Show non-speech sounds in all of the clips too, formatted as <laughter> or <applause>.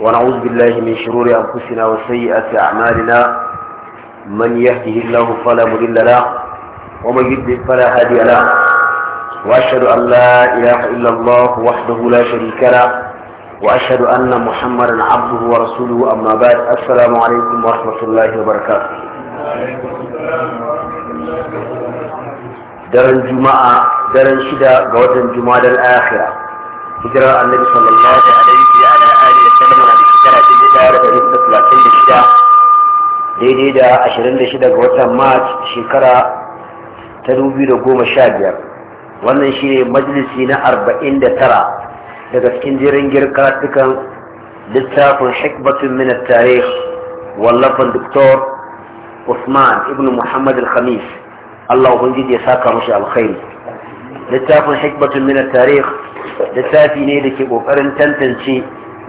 ونعوذ بالله من شرور أنفسنا وسيئات أعمالنا من يهده الله فلا مضل له ومن يضلل فلا هادي له وأشهد أن لا إله إلا الله وحده لا شريك له وأشهد أن محمدا عبده ورسوله أما بعد السلام عليكم ورحمة الله وبركاته daren juma'a daren shida ga watan juma'a dal akhira hijirar annabi sallallahu alaihi shayar da ɗari da da daidai da ashirin da ga watan march shekara ta dubu da wannan shi ne majalisi na arba'in da daga cikin jirin girkaratukan littafin hikbatun min tarih wallafan doktor Usman ibn Muhammad al-Khamis Allah ubangiji ya saka mashi alkhairi littafin hikmatun min tarih littafi ne da ke kokarin tantance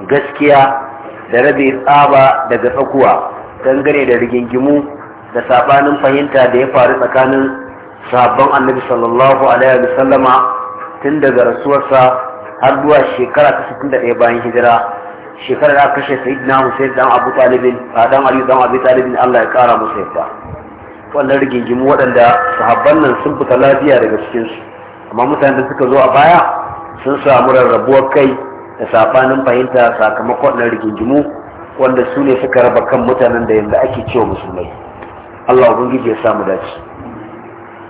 gaskiya da rabe tsaba daga tsakuwa dangane da rigingimu da sabanin fahimta da ya faru tsakanin sabon annabi sallallahu alaihi wa sallama tun daga rasuwarsa har zuwa shekara ta ɗaya bayan hijira shekarar da kashe sayyidina Hussein dan Abu Talib dan Ali dan abu Talib Allah ya kara musu yadda wannan rigingimu waɗanda sahabban nan sun fita lafiya daga cikinsu. amma mutanen da suka zo a baya sun samu rarrabuwar kai da sabanin fahimta sakamakon na rigingimu wanda su ne suka raba kan mutanen da yanzu ake cewa musulmai Allah ubangiji ya samu dace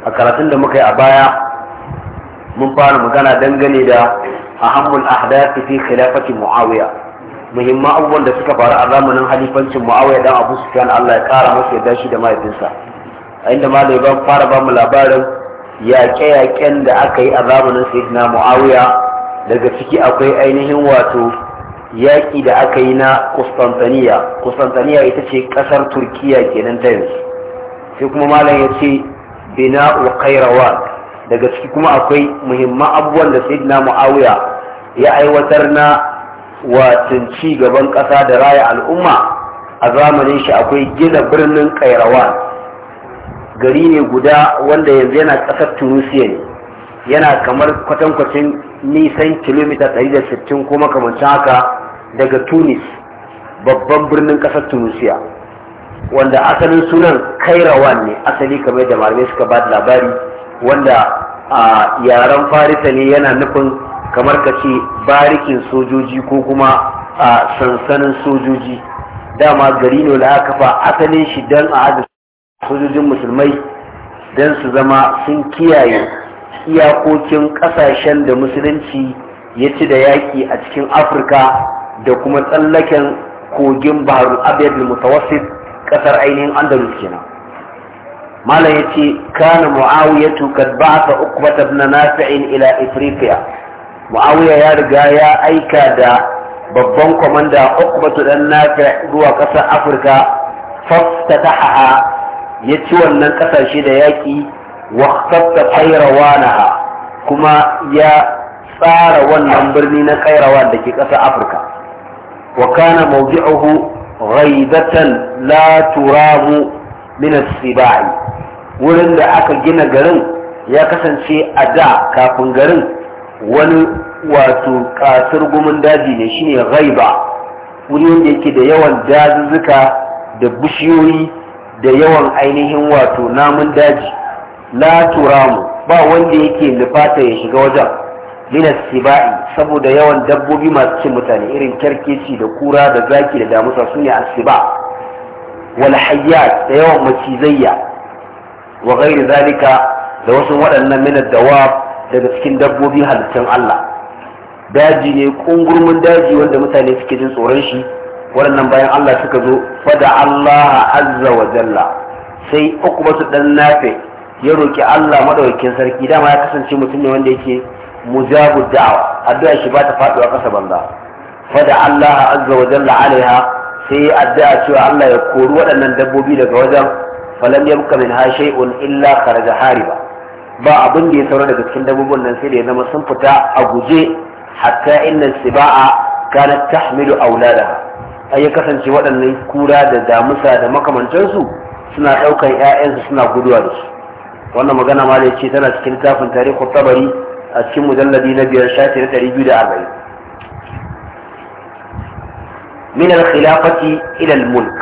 a karatun da muka yi a baya mun fara magana dangane da ahammul ahdathi fi khilafati muawiya muhimman abubuwan da suka faru a zamanin halifancin muawiya dan abu sufyan Allah ya kara masa yadda shi da mahaifinsa a inda malai ban fara ba mu labarin yaƙe-yaƙen da aka yi a zamanin sayyidina muawiya daga ciki akwai ainihin wato yaƙi da aka yi na Kustantaniya Kustantaniya ita ce ƙasar Turkiya kenan ta yanzu sai kuma malam ya ce bina ukairawa daga ciki kuma akwai muhimman abubuwan da sayyidina mu'awiya ya aiwatar na watan ci gaban ƙasa da raya al'umma a zamanin shi akwai gina birnin kairawa gari ne guda wanda yanzu yana ƙasar tunisiya ne yana kamar kwatankwacin nisan kilomita 160 ko makamancin haka daga tunis babban birnin ƙasar tunisia wanda asalin sunan kairawa ne asali kamar da malamai suka ba da labari wanda a yaren farisa ne yana nufin kamar ka ce barikin sojoji ko kuma a sansanin sojoji dama gari ne da aka fa asalin shi don a sojojin musulmai don su zama sun kiyaye iyakokin ƙasashen da musulunci ya ci da yaƙi a cikin afirka da kuma tsallaken kogin baharul abiyar mutawassif ƙasar ainihin andalus kenan malam ya ce kana mu'awiyatu kad uku uqbata na nasa'in ila ifriqiya mu'awiya ya riga ya aika da babban kwamanda uqbatu dan ruwa zuwa ƙasar afirka ta ha'a ya ci wannan ƙasashe da yaƙi واختط قيروانها kuma ya tsara wannan birni na kairawa da ke ƙasar afirka wa kana mawdi'uhu ghaibatan la turamu min as-sibai wurin da aka gina garin ya kasance a da kafin garin wani wato kasar gumin daji ne shine ghaiba wuri wanda yake da yawan dazuzzuka da bishiyoyi da yawan ainihin wato namun daji la turamu ba wanda yake nufata ya shiga wajen mina sibai saboda yawan dabbobi masu cin mutane irin kerkeci da kura da zaki da damusa su ne asiba wal hayyat da yawan macizayya wa ghairi zalika da wasu waɗannan mina dawab daga cikin dabbobi halittun Allah daji ne kungurmin daji wanda mutane suke jin tsoron shi waɗannan bayan Allah suka zo fada Allah azza wa jalla sai uku dan nafe ya roƙi Allah madaukakin sarki dama ya kasance mutum ne wanda yake mujabu a addu'a shi ba ta faduwa kasa banza da Allah azza wa jalla alaiha sai addu'a cewa Allah ya kori waɗannan dabbobi daga wajen falam yabqa min ha shay'un illa kharaja hariba ba abin da ya saura daga cikin dabbobin nan sai da ya zama sun fita a guje hatta inna siba'a kanat tahmilu auladaha ai ya kasance waɗannan kura da damusa da makamantansu suna ɗaukar 'ya'yansu suna guduwa da su wannan magana ma ce tana cikin tafin tarihu tabari a cikin mujalladi na biyar shafi na ɗari biyu da arba'in min al-khilafati ila al-mulk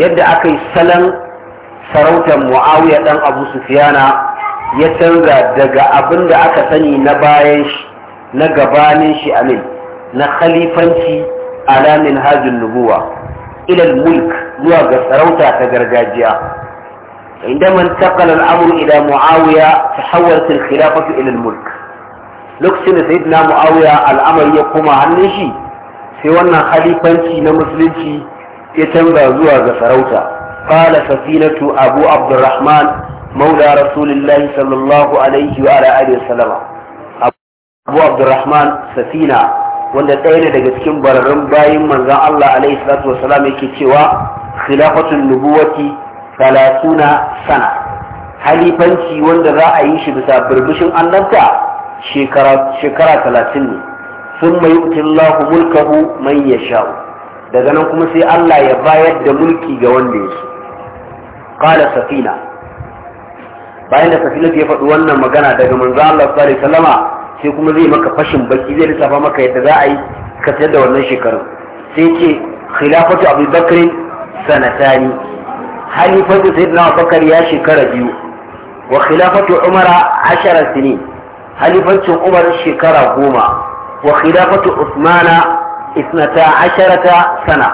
yadda aka yi salon sarautar muawiya dan abu sufiyana ya canza daga abin da aka sani na bayan shi na gabanin shi amin na khalifanci ala hajjin nubuwa ila al-mulk zuwa ga sarauta ta gargajiya عندما انتقل الأمر إلى معاوية تحولت الخلافة إلى الملك لكسن سيدنا معاوية الأمر يقوم عن شيء في وانا خليفانشي نمسلمشي يتنبى زوها زفروتا قال سفينة أبو عبد الرحمن مولى رسول الله صلى الله عليه وعلى آله وسلم أبو عبد الرحمن سفينة wanda ɗaya ne daga cikin bararrun bayin manzan Allah alaihi salatu wasalam yake cewa khilafatul nubuwati talatuna sana halifanci wanda za a yi shi bisa birbishin annabta shekara talatin ne sun mai yutillahu mulkahu man ya sha'u daga nan kuma sai Allah ya bayar da mulki ga wanda ya kala safina bayan da safina ya faɗi wannan magana daga manzo Allah sallallahu sai kuma zai maka fashin baki zai lissafa maka yadda za a yi ka da wannan shekarun sai ce khilafatu abubakar sanatani halifatu sayyidina abubakar ya shekara biyu wa khilafatu umara ashara sini halifancin umar shekara goma wa khilafatu usmana isnata asharata sana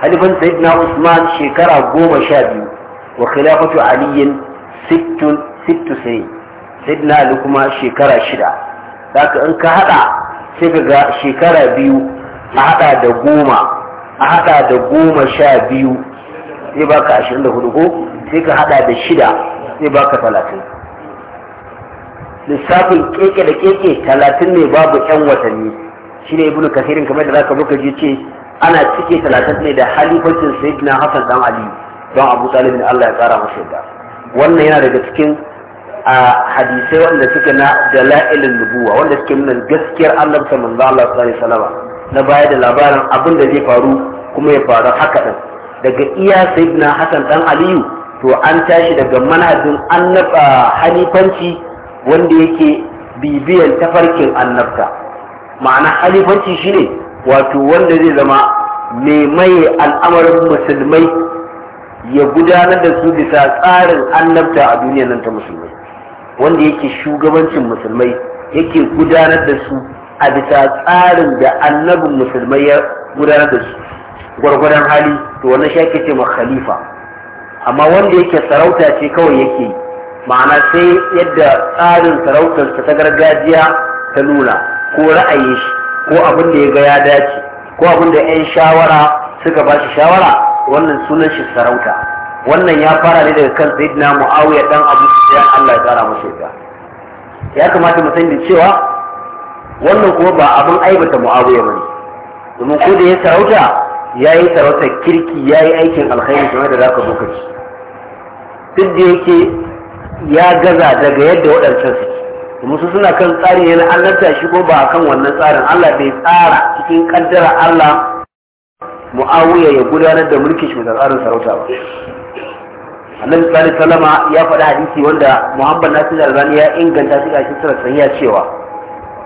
halifan sayyidina usman shekara goma sha biyu wa khilafatu aliyin sittun sittu sai sayyidina ali kuma shekara shida zaka in ka hada sai ka ga shekara biyu a hada da goma a hada da goma sha biyu zai baka ashirin da hudu ko sai ka hada da shida zai baka talatin lissafin keke da keke talatin ne babu yan watanni shi ne ibnu kasirin kamar da zaka muka ji ce ana cike talatin ne da halifancin sayyidina hasan dan ali don abu talib ne allah ya tsara masa yadda wannan yana daga cikin a hadisai wanda suke na dala'ilin nubuwa wanda suke nuna gaskiyar annabi sallallahu alaihi wasallam na baya da labarin abin da zai faru kuma ya faru haka din daga iya sayyidina hasan dan aliyu to an tashi daga manhajin annaba halifanci wanda yake bibiyan tafarkin annabta ma'ana halifanci shine wato wanda zai zama mai maye al'amarin musulmai ya gudanar da su bisa tsarin annabta a duniyar nan ta musulmai wanda yake shugabancin musulmai yake gudanar da su a bisa tsarin da annabin musulmai ya gudanar da su gwargwadon hali to wannan shi ake ce ma khalifa amma wanda yake sarauta ce kawai yake ma'ana sai yadda tsarin sarautarsa ta gargajiya ta nuna ko ra'ayin shi ko abin da ya ga ya dace ko abin da 'yan shawara suka ba shi shawara wannan sunan shi sarauta wannan ya fara ne daga kan sayyidina muawiya dan abu sufyan Allah ya tsara masa ita ya kamata mu sani cewa wannan kuma ba abin aibata muawiya bane domin ko da ya sarauta ya yi sarautar kirki ya yi aikin alkhairi kamar da za ka lokaci duk da yake ya gaza daga yadda waɗancan su musu suna kan tsari ne na Allah shi ko ba kan wannan tsarin Allah bai tsara cikin kaddara Allah Muawiya ya gudanar da mulkin shi da tsarin sarauta ba Annabi sallallahu alaihi wasallam ya faɗi hadisi wanda Muhammad Nasir Albani ya inganta shi a cikin sahiha cewa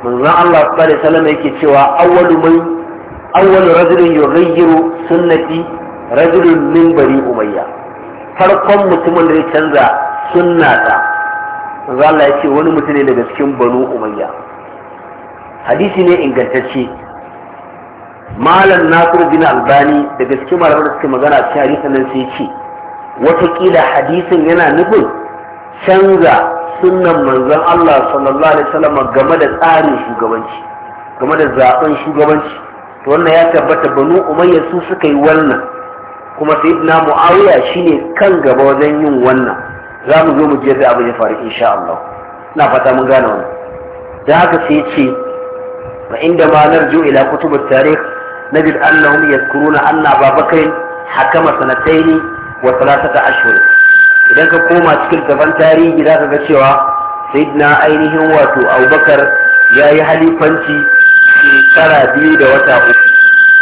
manzon Allah sallallahu alaihi wasallam yake cewa awwalu man awwal rajulin yughayyiru sunnati rajulun min bani umayya farkon mutumin da ya canza sunnata manzo Allah ya wani mutum ne daga cikin banu umayya hadisi ne ingantacce malam nasir bin albani daga cikin malamar da suke magana cikin hadisin nan sai ce watakila hadisin yana nufin canza sunnan manzon Allah sallallahu alaihi wasallam game da tsarin shugabanci game da zaben shugabanci to wannan ya tabbata banu umayya su suka yi wannan kuma sayyidina muawiya shine kan gaba wajen yin wannan za mu zo mu ji yadda abu ya faru insha Allah ina fata mun gane wannan da haka sai ce fa inda ma narju ila kutub tarikh najid annahum yadhkuruna anna babakain hakama sanataini wa thalathata ashhur idan ka koma cikin gaban tarihi za ka ga cewa sayyidina ainihin wato abubakar ya yi halifanci shekara biyu da wata uku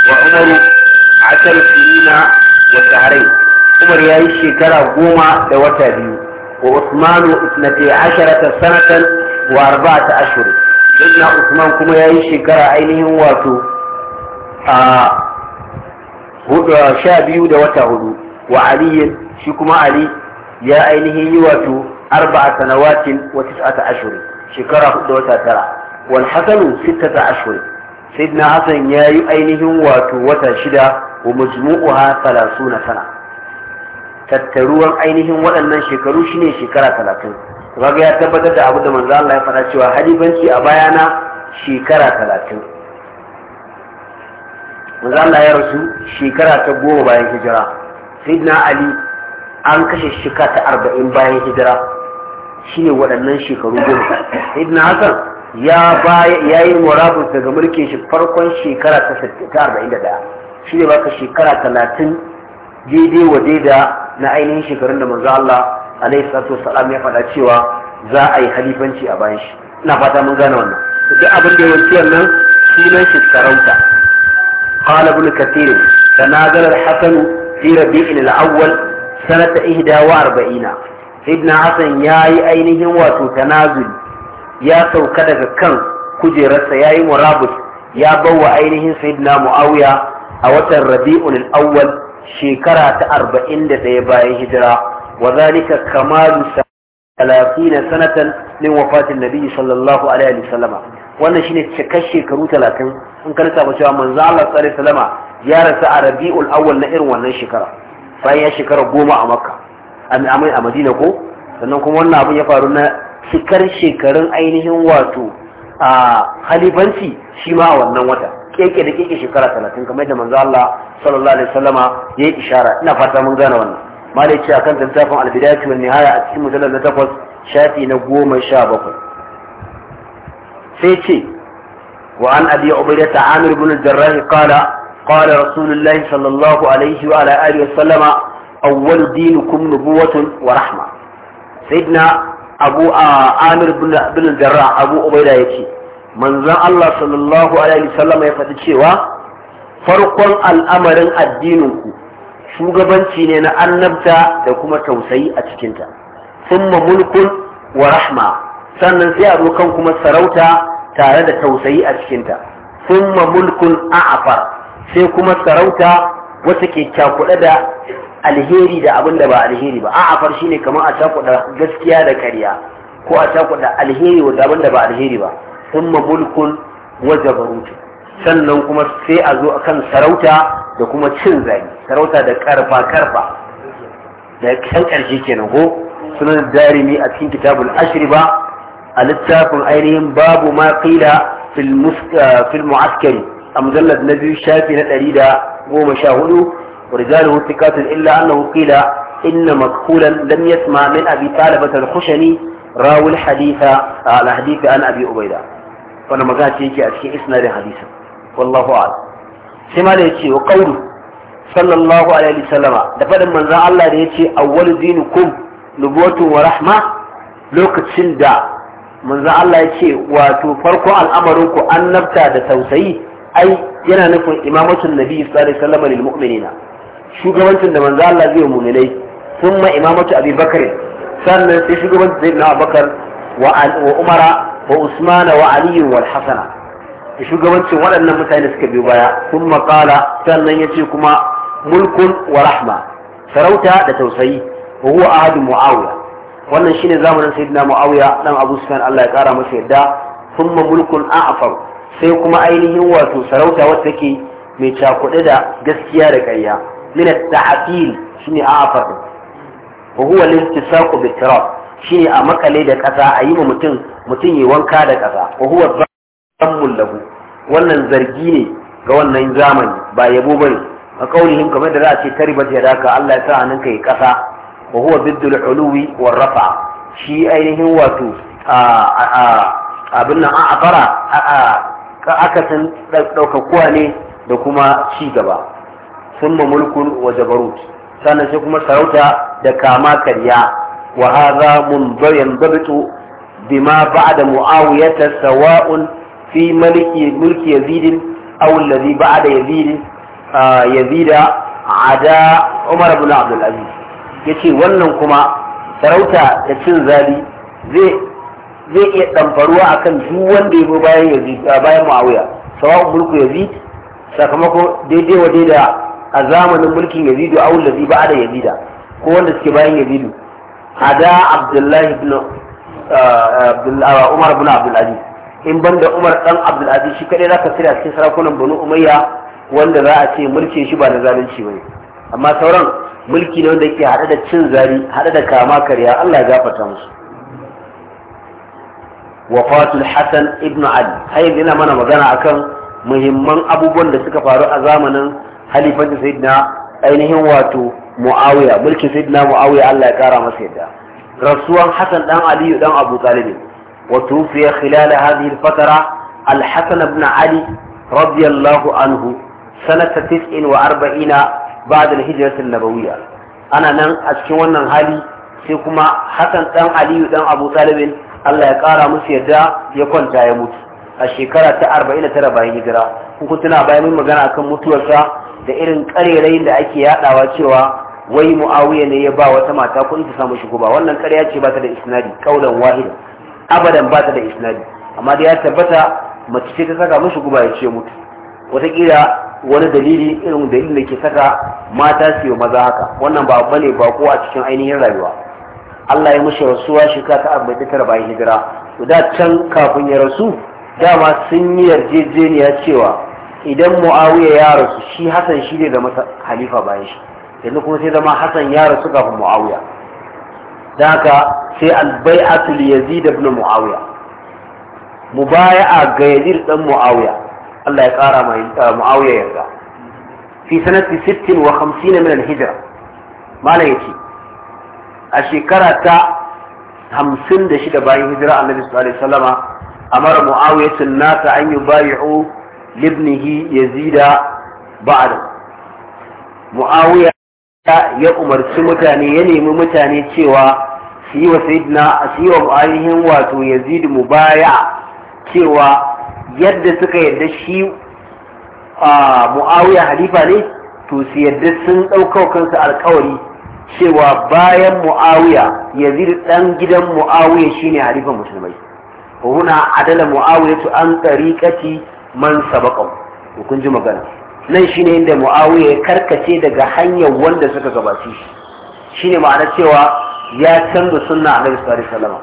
wa umaru ashar sinina wa shaharai umar ya yi shekara goma da wata biyu wa usmanu isnati asharata sanatan wa arba'ata ashhur sayyidina usman kuma ya yi shekara ainihin wato a sha biyu da wata hudu wa aliyin shi kuma ali ya ainihin yi wato arba'a sanawatin wa tis'ata ashhur shekara hudu da wata tara Wani hasanu sittata ashhur sayyidina hasan yi ainihin wato wata shida wa majmu'uha 30 sana tattaruwan ainihin waɗannan shekaru shine shekara talatin. kaga ya tabbatar da abu da manzo Allah ya faɗa cewa halibanci a bayana shekara talatin." manzo Allah ya rasu shekara ta goma bayan hijira sayyidina ali an kashe shekara ta arba'in bayan hijira shine waɗannan shekaru goma sayyidina hasan ya ya yi murabus daga mulkin shi farkon shekara ta 41 shi ne baka shekara 30 daidai wa daida na ainihin shekarun da manzo Allah alaihi salatu wasalam ya faɗa cewa za a yi halifanci a bayan shi ina fata mun gane wannan duk abin da yawanci nan sunan shi sarauta qala ibn kathir tanazala al-hasan fi rabi'in al-awwal sanata 41 sidna hasan yayi ainihin wato tanazuli ya sauka daga kan kujerarsa ya yi murabus ya wa ainihin sayyidina muawiya a watan rabiul al-awwal shekara ta arba'in da ɗaya bayan hijira wa zalika kamalu 30 sanatan min wafatin nabi sallallahu alaihi wa wasallama wannan shine cikar shekaru 30 in ka lissafa cewa manzo Allah sallallahu alaihi wasallama ya rasu a rabi'ul awwal na irin wannan shekara bayan shekara goma a makka a madina ko sannan kuma wannan abin ya faru na cikar shekarun ainihin wato a halifanci shi ma wannan wata keke da keke shekara talatin kamar da manzo Allah sallallahu alaihi wasallama ya yi ishara ina fata mun gane wannan malai ce akan tantafin albidayatu wal nihaya a cikin mujallal na takwas shafi na goma sha bakwai sai ce wa an abi ubaida ta amir ibn jarrah qala qala rasulullahi sallallahu alaihi wa ala alihi wasallama awwal dinukum nubuwatun wa rahma sayyidina abu amir bin jarra abu ubaida ce. manzon Allah sallallahu alaihi wasallam ya faɗi cewa farkon al'amarin addininku shugabanci ne na annabta da kuma tausayi a cikinta summa mulkun wa rahma sannan sai a kan kuma sarauta tare da tausayi a cikinta summa mulkun a'afar sai kuma sarauta wata ke cakuɗe da alheri da abin da ba alheri ba a'afar ne kamar a cakuɗa gaskiya da karya ko a cakuɗa alheri da abin da ba alheri ba ma mulkun wa barutu sannan kuma sai a zo kan sarauta da kuma cin zagi sarauta da karfa karfa da kan karshe kenan ko sunan darimi a cikin kitabul ba, a littafin ainihin babu ma qila fil mu'askari a mujallad na biyu shafi na ɗari da goma sha hudu ورجاله ثقات إلا أنه قيل إن مكحولا لم يسمع من أبي طالبة الخشني راوي الحديث على حديث عن أبي أبيدة وأنا ما قالت يجي أشكي إسناد حديثا والله أعلم سما ليتي وقوله صلى الله عليه وسلم دفد من ذا الله ليتي أول دينكم نبوة ورحمة لوكتشن دا من ذا الله يتي وتفرقوا الأمركم أن نبتع دا توسعي أي yana nufin imamatul nabi sallallahu alaihi wasallam lil mu'minina shugabancin da manzo Allah zai mu'minai thumma imamatu Abi Bakr sannan sai shugabancin Sayyidina Abu wa Umara wa Usman wa Ali wa Hasan shugabancin waɗannan mutane suka biyo baya thumma qala sannan yace kuma mulkun wa rahma sarauta da tausayi wa huwa ahadu Muawiya wannan shine zamanin Sayyidina Muawiya dan Abu Sufyan Allah ya kara masa yadda thumma mulkun a'far sai kuma ainihin wato sarauta wacce take mai cakuɗe da gaskiya da ƙarya min at-ta'til shine afar wa huwa al-intisaqu bi turab a makale da kasa a yi ma mutum mutum yi wanka da kasa wa huwa zammul lahu wannan zargi ne ga wannan zamani ba yabo bane a kaulihim kamar da za a ce karibat yadaka Allah ya sa hannunka yi kasa wa huwa biddul uluwi war rafa shi ainihin wato abin nan an afara akasin ɗaukakuwa ne da kuma ci gaba thumma mulkun wa jabarut sannan sai kuma sarauta da kama karya wa hadha munbabitu bima ba'da muawiyata sawa'un fi maliki mulki yazid aw alladhi ba'da yazid yazid ada umar ibn abdul aziz yace wannan kuma sarauta da cin zali zai iya ɗamfaruwa a kan duk wanda ya bayan yazid bayan muawiya sawa'un mulku yazid sakamako daidai wa da a zamanin mulkin yazidu a ba da yazida ko wanda suke bayan yazidu a da abdullahi ibn uh, uh, umar ibn abdulaziz in ban da umar dan abdulaziz shi kadai zaka tsira cikin sarakunan banu umayya wanda za a ce mulkin shi ba da zalunci bane amma sauran mulki ne wanda yake hada da cin zari hada da kama karya Allah ya gafarta musu wafatul hasan ibn ali har mana magana akan muhimman abubuwan da suka faru a zamanin halifancin sayyidina ainihin wato muawiya mulkin sayyidina muawiya Allah ya kara masa yadda rasuwan hasan dan aliyu dan abu talib wa tufiya khilal hadhihi al-fatara al-hasan ibn ali radiyallahu anhu sanata 49 ba'da al-hijrat an-nabawiyya ana nan a cikin wannan hali sai kuma hasan dan aliyu dan abu talibin Allah ya kara musu yadda ya kwanta ya mutu a shekara ta 49 bayan hijira kun kuna bayan mun magana akan mutuwarta. da irin karerayin da ake yaɗawa cewa wai muawiya ne ya ba wata mata kuɗi ta samu shigo ba wannan karya ce ba ta da isnadi kaulan wahid abadan ba ta da isnadi amma da ya tabbata mace ce ta saka mishi guba ya ce mutu wataƙila wani dalili irin dalilin da ke saka mata su yi maza haka wannan ba bane ba ko a cikin ainihin rayuwa Allah ya mishi rasuwa shekara ta arba'in da tara bayan hijira to da can kafin ya rasu dama sun yi yarjejeniya cewa idan muawiya ya rasu shi hasan shi ne da masa khalifa bayan shi yanzu kuma sai zama hasan ya rasu kafin muawiya da haka sai albai'atul yazid ibn muawiya mubaya'a ga yazid dan muawiya Allah ya kara mai eh, muawiya yarda fi sanati 56 min al-hijra malai yace a shekara ta 56 bayan hijira annabi sallallahu alaihi wasallama amara muawiya nasa an yubayi'u libnihi yazida ba'da muawiya ya umarci mutane ya nemi mutane cewa su yi wa sayyidina su yi wa ainihin wato yazid mubaya cewa yadda suka yadda shi muawiya halifa ne to su yadda sun ɗaukar kansu alkawari cewa bayan muawiya yazid dan gidan muawiya shine halifan musulmai huna adala muawiya an tsariƙaci man sabaqahu kun ji magana nan shine inda muawiya ya karkace daga hanyar wanda suka gabaci shi shine ma'ana cewa ya canza sunna annabi sallallahu alaihi wasallam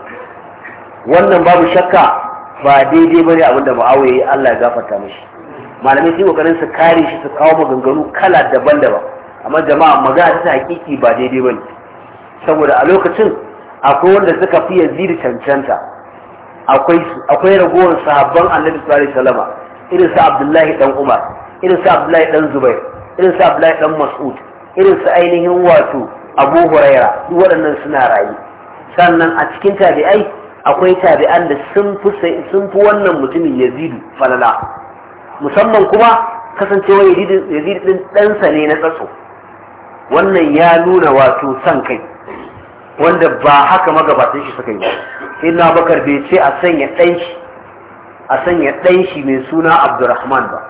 wannan babu shakka ba daidai bane abin da muawiya ya Allah ya gafarta mishi malamai sun kokarin su kare shi su kawo maganganu kala daban-daban amma jama'a magana ta hakiki ba daidai bane saboda a lokacin akwai wanda suka fi zira cancanta akwai akwai ragowar sahabban annabi sallallahu alaihi irin su abdullahi dan umar irin su abdullahi dan zubair irin su abdullahi dan mas'ud irin su ainihin wato abu huraira duk waɗannan suna rayu sannan a cikin tabi'ai akwai tabi'an da sun fi sun fi wannan mutumin yazidu falala musamman kuma kasancewa yazidu yazidu din ɗansa ne na tsatso wannan ya nuna wato san kai wanda ba haka magabatan shi suka yi ba sai na bakar bai ce a sanya ɗan shi a sanya ɗan shi mai suna abdurrahman ba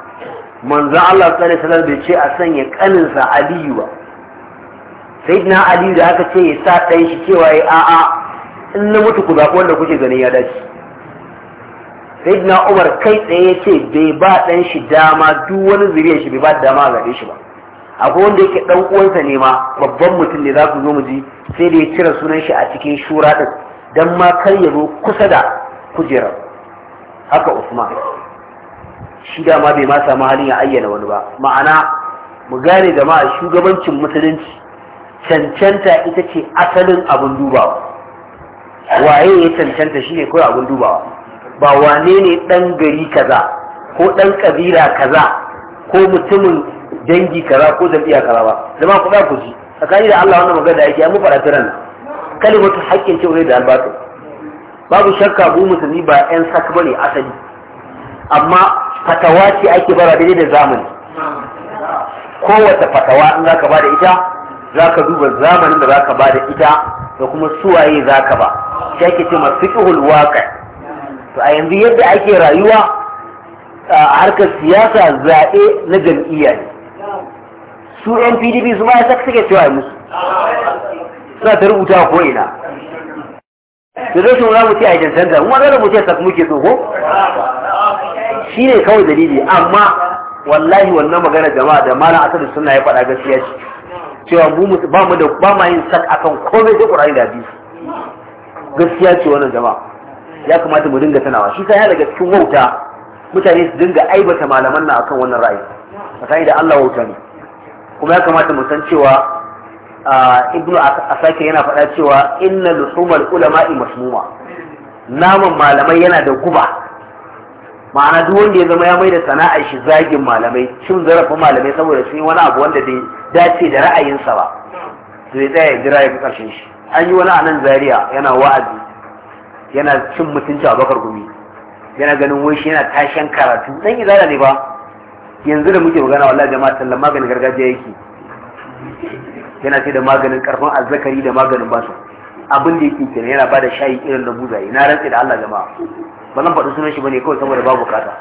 manzan Allah tsari salar bai ce a sanya ƙaninsa aliyu ba sai na aliyu da aka ce ya sa ɗan shi cewa ya a'a in na mutu ku zaɓi wanda kuke ganin ya dace sai umar kai tsaye ya ce bai ba ɗan shi dama duk wani zuriyar shi bai ba dama a zaɓe shi ba akwai wanda yake ɗan uwansa ne ma babban mutum ne za ku zo mu ji sai da ya cire sunan shi a cikin shura ɗin don ma kar ya zo kusa da kujerar haka usman shi dama bai ma samu halin ya ayyana wani ba ma'ana mu gane jama'a shugabancin musulunci cancanta ita ce asalin abin dubawa waye ya cancanta shine kawai abin dubawa ba wane ne dan gari kaza ko dan kabila kaza ko mutumin dangi kaza ko jam'iyya kaza ba zama ku da ku ji tsakani da Allah wannan magana da yake an mu fara tiran kalimatu haqqin ce da albatu babu shakka mu musulmi ba yan sak ne asali amma fatawa ce ake bara daidai da zamani kowace fatawa in ka ba da ita za ka duba zamanin da ka ba da ita da kuma suwaye ka ba shi ake ce masu fiƙihul waƙa to a yanzu yadda ake rayuwa a harkar siyasa zaɓe na jam'iyya ne su yan pdp su ba ya saka suke cewa musu suna ta rubuta ko ina da zai suna mutu a jan canza kuma zai mu ce sak muke tsoho shi ne kawai dalili amma wallahi wannan magana jama'a da malam asali suna ya faɗa gaskiya ce cewa mu ba mu da ba ma yin sak akan komai da ƙur'ani da biyu. gaskiya ce wannan jama'a ya kamata mu dinga sanawa shi sai ya daga cikin wauta mutane su dinga aibata malaman na akan wannan ra'ayi tsakani da Allah wauta ne kuma ya kamata mu san cewa ibnu asake yana faɗa cewa inna luhumar ulama'i masmuma naman malamai yana da guba ma'ana duk wanda ya zama ya mai da sana'ar shi zagin malamai cin zarafin malamai saboda sun yi wani abu wanda bai dace da ra'ayinsa ba zai tsaya ya jira ya karshen shi an yi wani anan Zariya yana wa'azi yana cin mutunci a bakar gumi yana ganin wai shi yana tashen karatu dan izala ne ba yanzu da muke magana wallahi jama'a sallan maganin gargajiya yake yana sai da maganin karfin azzakari da maganin basu abin da yake kenan yana bada shayi irin da buzaye na rantsi da Allah jama'a ba zan faɗi sunan shi bane kawai saboda babu kata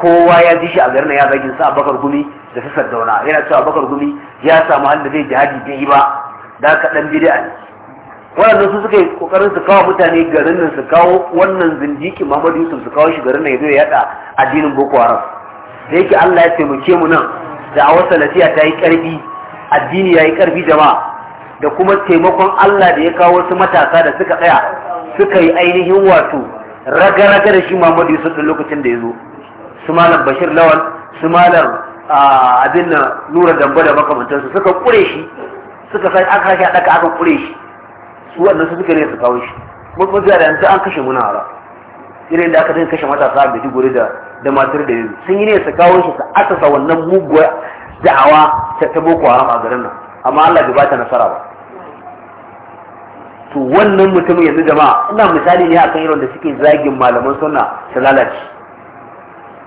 kowa ya ji shi a garin ya zagin sa Abubakar Gumi da su Dauna yana cewa Abubakar Gumi ya samu halin da zai jihadi bai yi ba da ka dan bid'a ne Wannan su suka yi kokarin su kawo mutane garin nan su kawo wannan zindiki Muhammadu Yusuf su kawo shi garin nan ya zo ya yada addinin Boko Haram da yake Allah ya taimake mu nan da a wasa ta yi karfi addini ya yi ƙarfi jama'a da kuma taimakon Allah da ya kawo wasu matasa da suka tsaya suka yi ainihin wato raga-raga da shi Muhammadu Yusuf da lokacin da ya zo su malam Bashir Lawal su malam abin na Nura Dambo da makamantansu suka kure shi suka sai aka kashe daka aka kure shi su wannan su suka ne su kawo shi mun mun da yanzu an kashe muna ara irin da aka dinga kashe matasa a Maiduguri da da matar da yanzu sun yi ne su kawo shi su asasa wannan muguwa da'awa ta boko haram a garin nan amma Allah bai bata nasara ba to wannan mutumin yanzu jama'a ina misali ne akan irin da suke zagin malaman sunna su lalace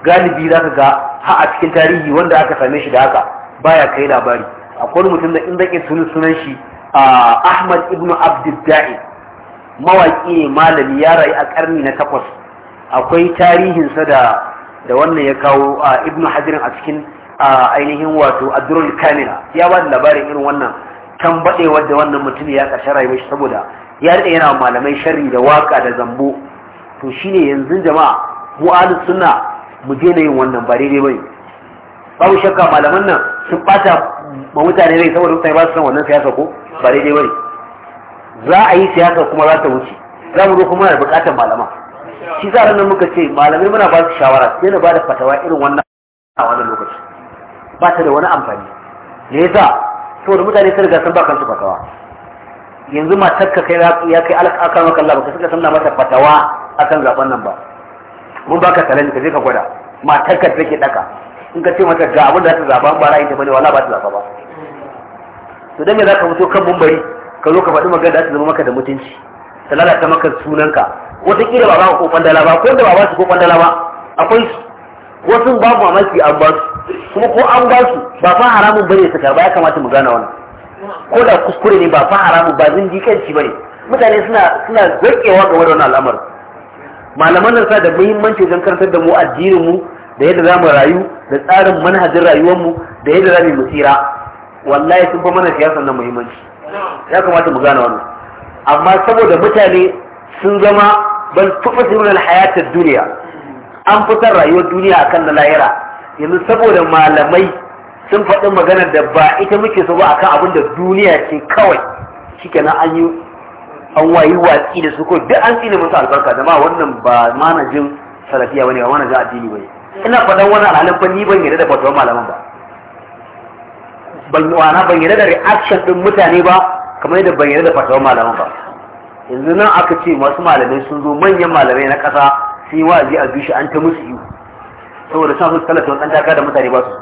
galibi za ka ga ha a cikin tarihi wanda aka same shi da haka baya kai labari akwai mutum da in zake sunan sunan shi Ahmad ibn Abdidda'i mawaki malami ya rayu a karni na takwas akwai tarihinsa da da wannan ya kawo Ibn Hajar a cikin a ainihin wato a adrul kamila ya ba da labarin irin wannan baɗe wadda wannan mutum ya ƙarshe rayuwar shi saboda ya riƙe yana malamai sharri da waka da zambo to shine yanzu jama'a mu ahlus suna mu daina yin wannan ba daidai bane babu shakka malaman nan sun ɓata ma mutane rai saboda mutane ba su san wannan siyasa ko ba daidai bai za a yi siyasa kuma za ta wuce za mu zo kuma da buƙatar malama shi za nan muka ce malamai muna ba su shawara sai na ba da fatawa irin wannan a wannan lokaci ba ta da wani amfani me yasa saboda mutane sun riga sun ba kansu fatawa yanzu matar ka kai ya kai akan maka Allah baka suka sanna mata fatawa akan zaben nan ba mun baka talani ka je ka gwada matar ka take daka in ka ce mata ga abin da za ta zaba ba ra'ayin ta bane wala ba ta zaba ba to dan me za ka fito kan mumbari ka zo ka faɗi magana da ta zama maka da mutunci ta lalata maka sunanka wataƙila ba ba ko fandala ba ko da ba ba su ko fandala ba akwai wasu babu mamaki an ba su kuma ko an ba su ba fa haramun bane su karba ya kamata mu gane wannan ko da kuskure ne ba fa haramun ba zindiƙanci bane mutane suna suna gwaƙewa game da wannan al'amarin malaman nan sa da muhimmanci don karantar da mu addinin mu da yadda zamu rayu da tsarin manhajin rayuwar mu da yadda zamu mu tsira wallahi sun fa mana siyasa nan muhimmanci ya kamata mu gane wannan amma saboda mutane sun zama bal tufsiruna da hayata ad an fitar rayuwar duniya akan na lahira yanzu saboda malamai sun faɗi magana da ba ita muke so ba akan abin da duniya ce kawai na an yi an wayi watsi da su ko duk an tsine musu albarka da ma wannan ba manajin salafiya bane ba manajin addini bane ina faɗan wannan alhalin fa ni ban yarda da fatawar malaman ba ban wana ban yarda da reaction din mutane ba kamar yadda ban yarda da fatawar malaman ba yanzu nan aka ce masu malamai sun zo manyan malamai na ƙasa sun yi wa'azi a bishi an ta musu yi saboda suna su tallata wannan daga da mutane ba su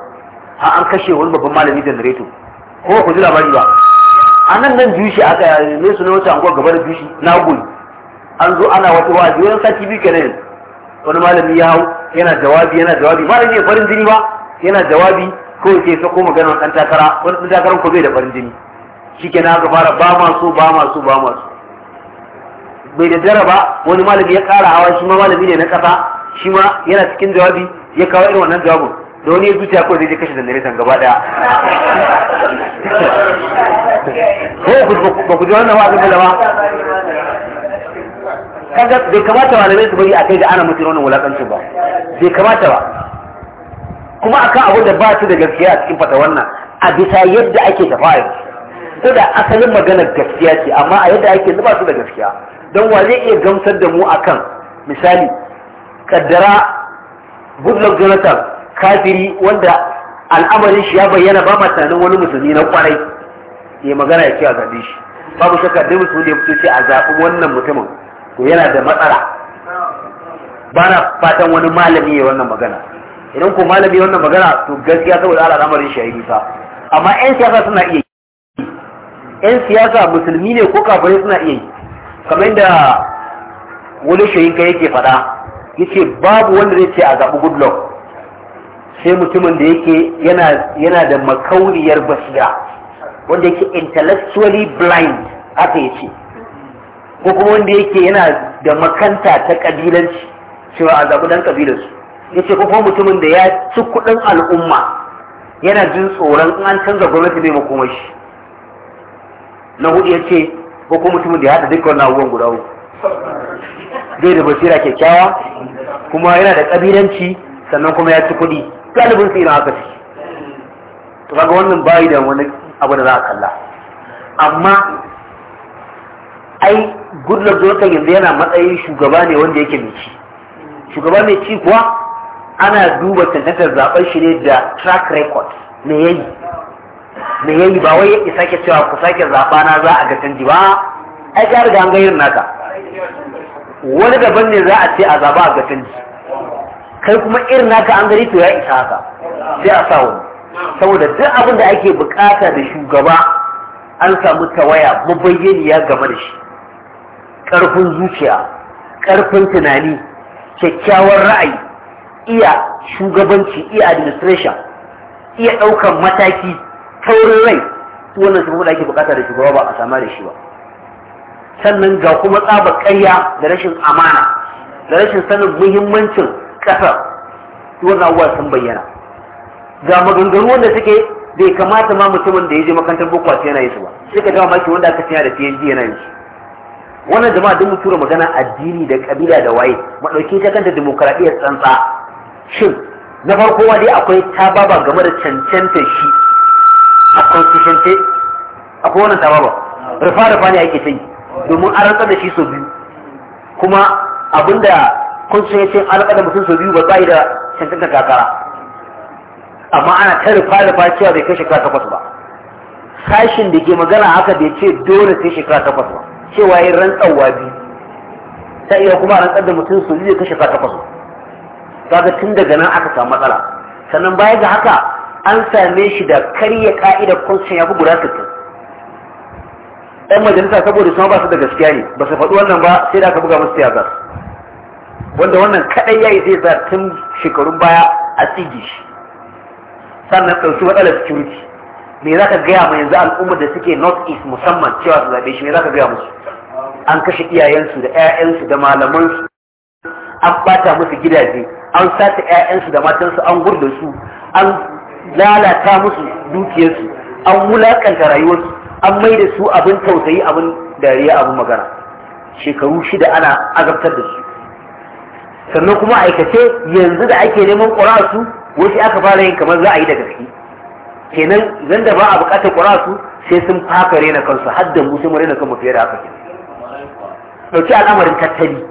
har an kashe wani babban malami nareto ko ku ji labari ba a nan nan jushi aka ne su ne wata anguwa gaba da jushi na gul an zo ana wata waje wani sati biyu kenan wani malami ya hau yana jawabi yana jawabi malami ne farin jini ba yana jawabi kawai sa ko magana wani takara wani ɗan takarar ko bai da farin jini shi na aka fara ba ma so ba ma so ba ma so bai da jaraba wani malami ya kara hawa shi ma malami ne na kasa shi ma yana cikin jawabi ya kawo irin wannan jawabin da wani ya zuciya kawai zai kashe san gaba daya ko ba ku ji wannan wa'azin ba zama kaga bai kamata malamai su bari a kai da ana mutum wannan wulakancin ba bai kamata ba kuma akan abu da ba su da gaskiya a cikin fata wannan a bisa yadda ake tafa yanzu ko da asalin maganar gaskiya ce amma a yadda ake zuba su da gaskiya don wa zai iya gamsar da mu akan misali kaddara goodluck jonathan kafiri wanda al'amarin shi ya bayyana ba ma tunanin wani musulmi na kwarai ya magana ya ce a zaɓe shi babu shakka da musulmi da ya fito ce a zaɓi wannan mutumin to yana da matsala ba na fatan wani malami ya wannan magana idan ko malami ya wannan magana to gaskiya saboda ala al'amarin shi ya yi nisa amma 'yan siyasa suna iya yi 'yan siyasa musulmi ne ko kafirai suna iya yi kamar yadda wani shayin ka yake faɗa yace babu wanda zai ce a zaɓi goodluck sai mutumin da yake yana da makauniyar basira wanda yake intellectually blind haka yace ko kuma wanda yake yana da makanta ta kabilanci cewa a zaɓi dan kabilansu yace ko kuma mutumin da ya ci kuɗin al'umma yana jin tsoron in an canza gwamnati mai makoma shi na hudu yace ko kuma mutumin da ya haɗa dukkan abubuwan guda uku zai da basira kyakkyawa kuma yana da kabilanci sannan kuma ya ci kuɗi galibin su ina haka ce to kaga wannan bayi da wani abu da za a kalla amma ai goodluck jonathan yanzu yana matsayin shugaba ne wanda yake mai ci shugaba mai ci kuwa ana duba tantantar zaben shi ne da track record me yayi me yayi ba wai ya sake cewa ku sake zaba na za a ga canji ba ai ka riga an ga irin naka wani daban ne za a ce a zaba a gafin ji kai kuma irin naka an gari to ya isa haka sai a sa wani saboda duk abin da ake bukata da shugaba an samu tawaya mabayyaniya game da shi ƙarfin zuciya ƙarfin tunani kyakkyawar ra'ayi iya shugabanci iya administration iya ɗaukan mataki taurin rai wannan sun da ake bukata da shugaba ba a samu da shi ba sannan ga kuma tsaba ƙarya da rashin amana da rashin sanin muhimmancin ƙasa wannan abubuwa sun bayyana ga maganganu wanda suke bai kamata ma mutumin da ya je makarantar boko a yana yi su ba sai ka gama maki wanda aka tiya da jiya yana yi wannan jama'a duk mutura magana addini da kabila da waye mu dauke ta kanta demokradiyya tsantsa shin na farko wa dai akwai tababa game da cancanta shi a constitution akwai wannan tababa rufa rufa ne ake ta yi domin an rantsar da shi sau biyu kuma abinda kunsun ya ce an rantsar da mutum sau biyu ba za da cancanta kakara amma ana ta rufa rufa cewa bai kai shekara takwas ba sashin da ke magana haka bai ce dole sai shekara takwas ba cewa yin rantsarwa biyu ta iya kuma rantsar da mutum sau biyu kai shekara takwas ba ga tun daga nan aka samu matsala sannan baya ga haka an same shi da karya ka'idar kunsun ya fi guda sittin ɗan majalisa saboda su ba su da gaskiya ne ba su faɗi wannan ba sai da aka buga musu tiyazar wanda wannan kaɗai ya yi zai sa tun shekarun baya a tsige shi sannan ɗauki matsalar security me za ka gaya ma yanzu al'ummar da suke north east musamman cewa su zaɓe shi me za ka gaya musu an kashe iyayensu da 'ya'yansu da malamansu an ɓata musu gidaje an sata 'ya'yansu da matansu an gurda su an lalata musu dukiyarsu an wulaƙanta rayuwarsu an mai da su abin tausayi abin dariya abin magana shekaru shida ana azabtar da su sannan kuma aikace yanzu da ake neman ƙura su wasu aka fara yin kamar za a yi da gaske kenan zan da ba a buƙatar ƙura su sai sun faka na kansu har da mu na mu kanmu fiye da haka ɗauki al'amarin tattali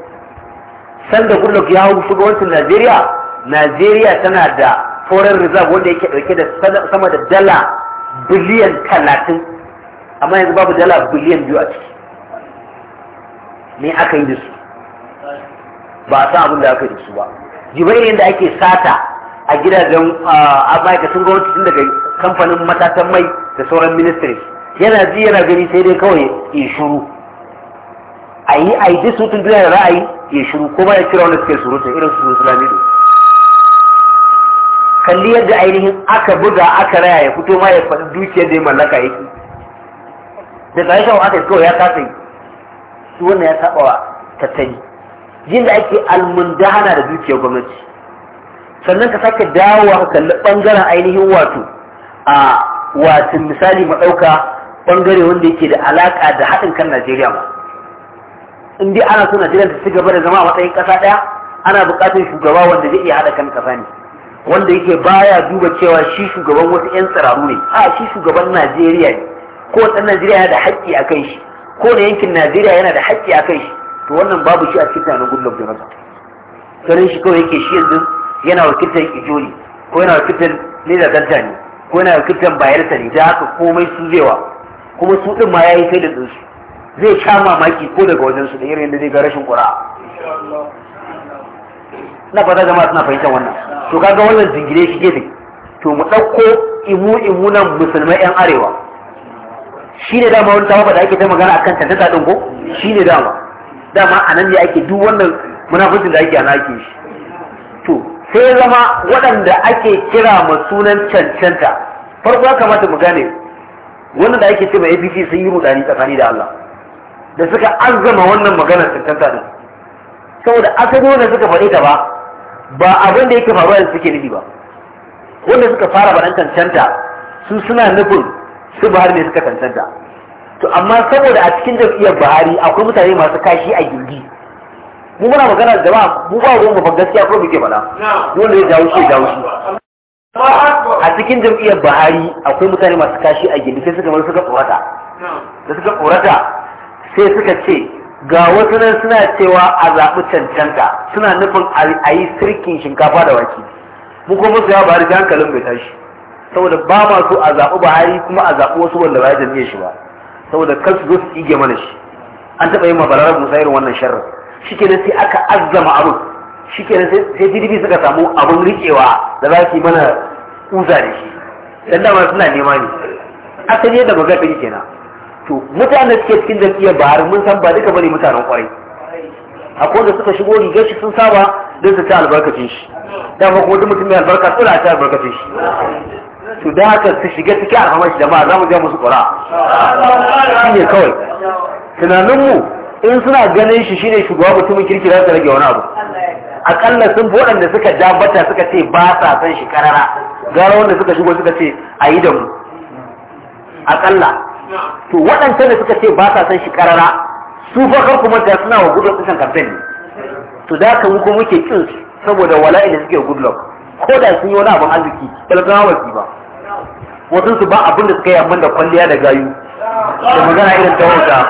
sanda gullok ya hau shiga wancan najeriya najeriya tana da foreign reserve wanda yake ɗauke da sama da dala biliyan talatin amma yanzu babu dala biliyan biyu a ciki me aka yi da su ba a san abin da aka yi da su ba jibai yadda ake sata a gidajen a ma'aikatan gwamnati tun daga kamfanin matatan mai da sauran ministries yana ji yana gani sai dai kawai ya shuru a yi a yi duk sutun duniya da ra'ayi ya shuru ko ba ya kira wani suke surutu irin su su lamido kalli yadda ainihin aka buga aka raya ya fito ma ya faɗi dukiyar da ya mallaka yake da tsaye kan aka kawai ya kasa yi su wannan ya saba wa tattali Yin da ake almundahana da dukiyar gwamnati sannan ka sake dawo ka kalli bangaren ainihin wato a wato misali mu ɗauka bangare wanda yake da alaka da haɗin kan Najeriya ma in dai ana so Najeriya ta ci gaba da zama a matsayin ƙasa ɗaya ana buƙatar shugaba wanda zai iya haɗa kan ƙasa ne wanda yake baya duba cewa shi shugaban wasu 'yan tsiraru ne a shi shugaban Najeriya ne ko ɗan Najeriya yana da haƙƙi a kan shi ko da yankin Najeriya yana da haƙƙi a kan shi to wannan babu shi a cikin tunanin Goodluck Jonathan sanin shi kawai yake shi yanzu yana wakiltar Ijoli ko yana wakiltar Leda Delta ne ko yana wakiltar Bayelsa ne da haka komai su zewa kuma su ɗin ma ya yi sai da ɗinsu zai sha mamaki ko daga wajensu da irin da zai ga rashin ƙura'a na fata jama'a suna fahimtar wannan to kaga wannan zingire shi ne to mu ɗauko imu imu nan musulmai 'yan arewa shi ne dama wani tawaba da ake ta magana akan tantata din ko shi ne dama dama a nan ne ake duk wannan munafincin da ake ana ake shi to sai zama waɗanda ake kira ma sunan cancanta farko ya kamata mu gane wannan da ake ce ma APC sun yi rudani tsakani da Allah da suka azama wannan maganar cancanta din saboda asali wanda suka faɗi ta ba ba abin da yake faruwa da suke nufi ba wanda suka fara faɗan cancanta su suna nufin su buhari ne suka tantanta to amma saboda a cikin jam'iyyar buhari akwai mutane masu kashi a gindi mu muna magana da jama'a mu ba ruwan babban gaskiya ko muke faɗa dole ya jawo shi ya jawo shi a cikin jam'iyyar buhari akwai mutane masu kashi a gindi sai suka bar suka tsorata da suka tsorata sai suka ce ga wasu nan suna cewa a zaɓi cancanta suna nufin a yi sirkin shinkafa da wake mu kuma su ya bari hankalin bai tashi saboda ba ma so a zaɓi Buhari kuma a zaɓi wasu wanda ba ya jam'iyyar shi ba saboda kar su zo su ige mana shi an taɓa yin mabararar musa irin wannan sharrin shikenan sai aka azzama abin shi shikenan sai PDP suka samu abin riƙewa da za su yi mana uza da shi dan dama suna nema ne asali yadda magana take kenan to mutanen suke cikin jam'iyyar Buhari mun san ba duka bane mutanen kwarai akwai wanda suka shigo rigar shi sun saba don su ci albarkacin shi dama kuma duk mutum mai albarka a ci albarkacin shi su daka su shiga cikin alhamar shi jama'a za mu je musu kura shi ne kawai tunaninmu in suna ganin shi shine shugaba mutumin kirki za su rage wani abu akalla sun bi waɗanda suka ja bata suka ce ba sa san shi karara gara wanda suka shigo suka ce a yi da mu akalla to waɗanda da suka ce ba sa san shi karara su fa kuma ta suna wa gudun kusan kamfen ne to da ka kuma muke kin saboda wala'i da suke gudlock ko da sun yi wani abin arziki talakawa ba su ba wasu su ba abin da suka yi amma da kwalliya da gayu da magana irin ta wata.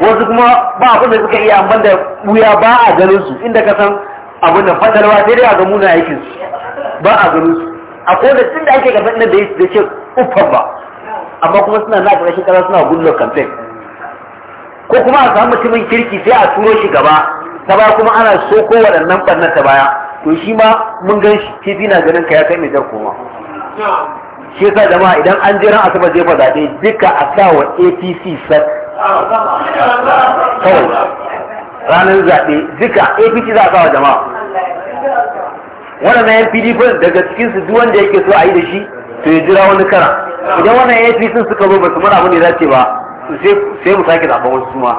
wasu kuma ba abin da suka yi amma da wuya ba a ganin su inda ka san abin da fadarwa sai dai a ga muna aikin su ba a ganin su a kowane tun da ake gaban da ya ce uffan ba amma kuma suna na ƙarshen ƙasa suna gullo campaign ko kuma a samu mutumin kirki sai a turo shi gaba ta baya kuma ana so ko waɗannan ɓarnar ta baya to shi ma mun gan shi kifi na ganin ka ya kai mai jar koma shi yasa jama'a idan an jiran asabar jefa zaɓe duka a sa wa apc sat kawai ranar zaɓe duka apc za a sa wa jama'a waɗannan yan pdp daga cikinsu duk wanda yake so a yi da shi to ya jira wani kara idan wannan apc suka zo ba su mara abin da ya dace ba sai mu sake zaɓa wasu suma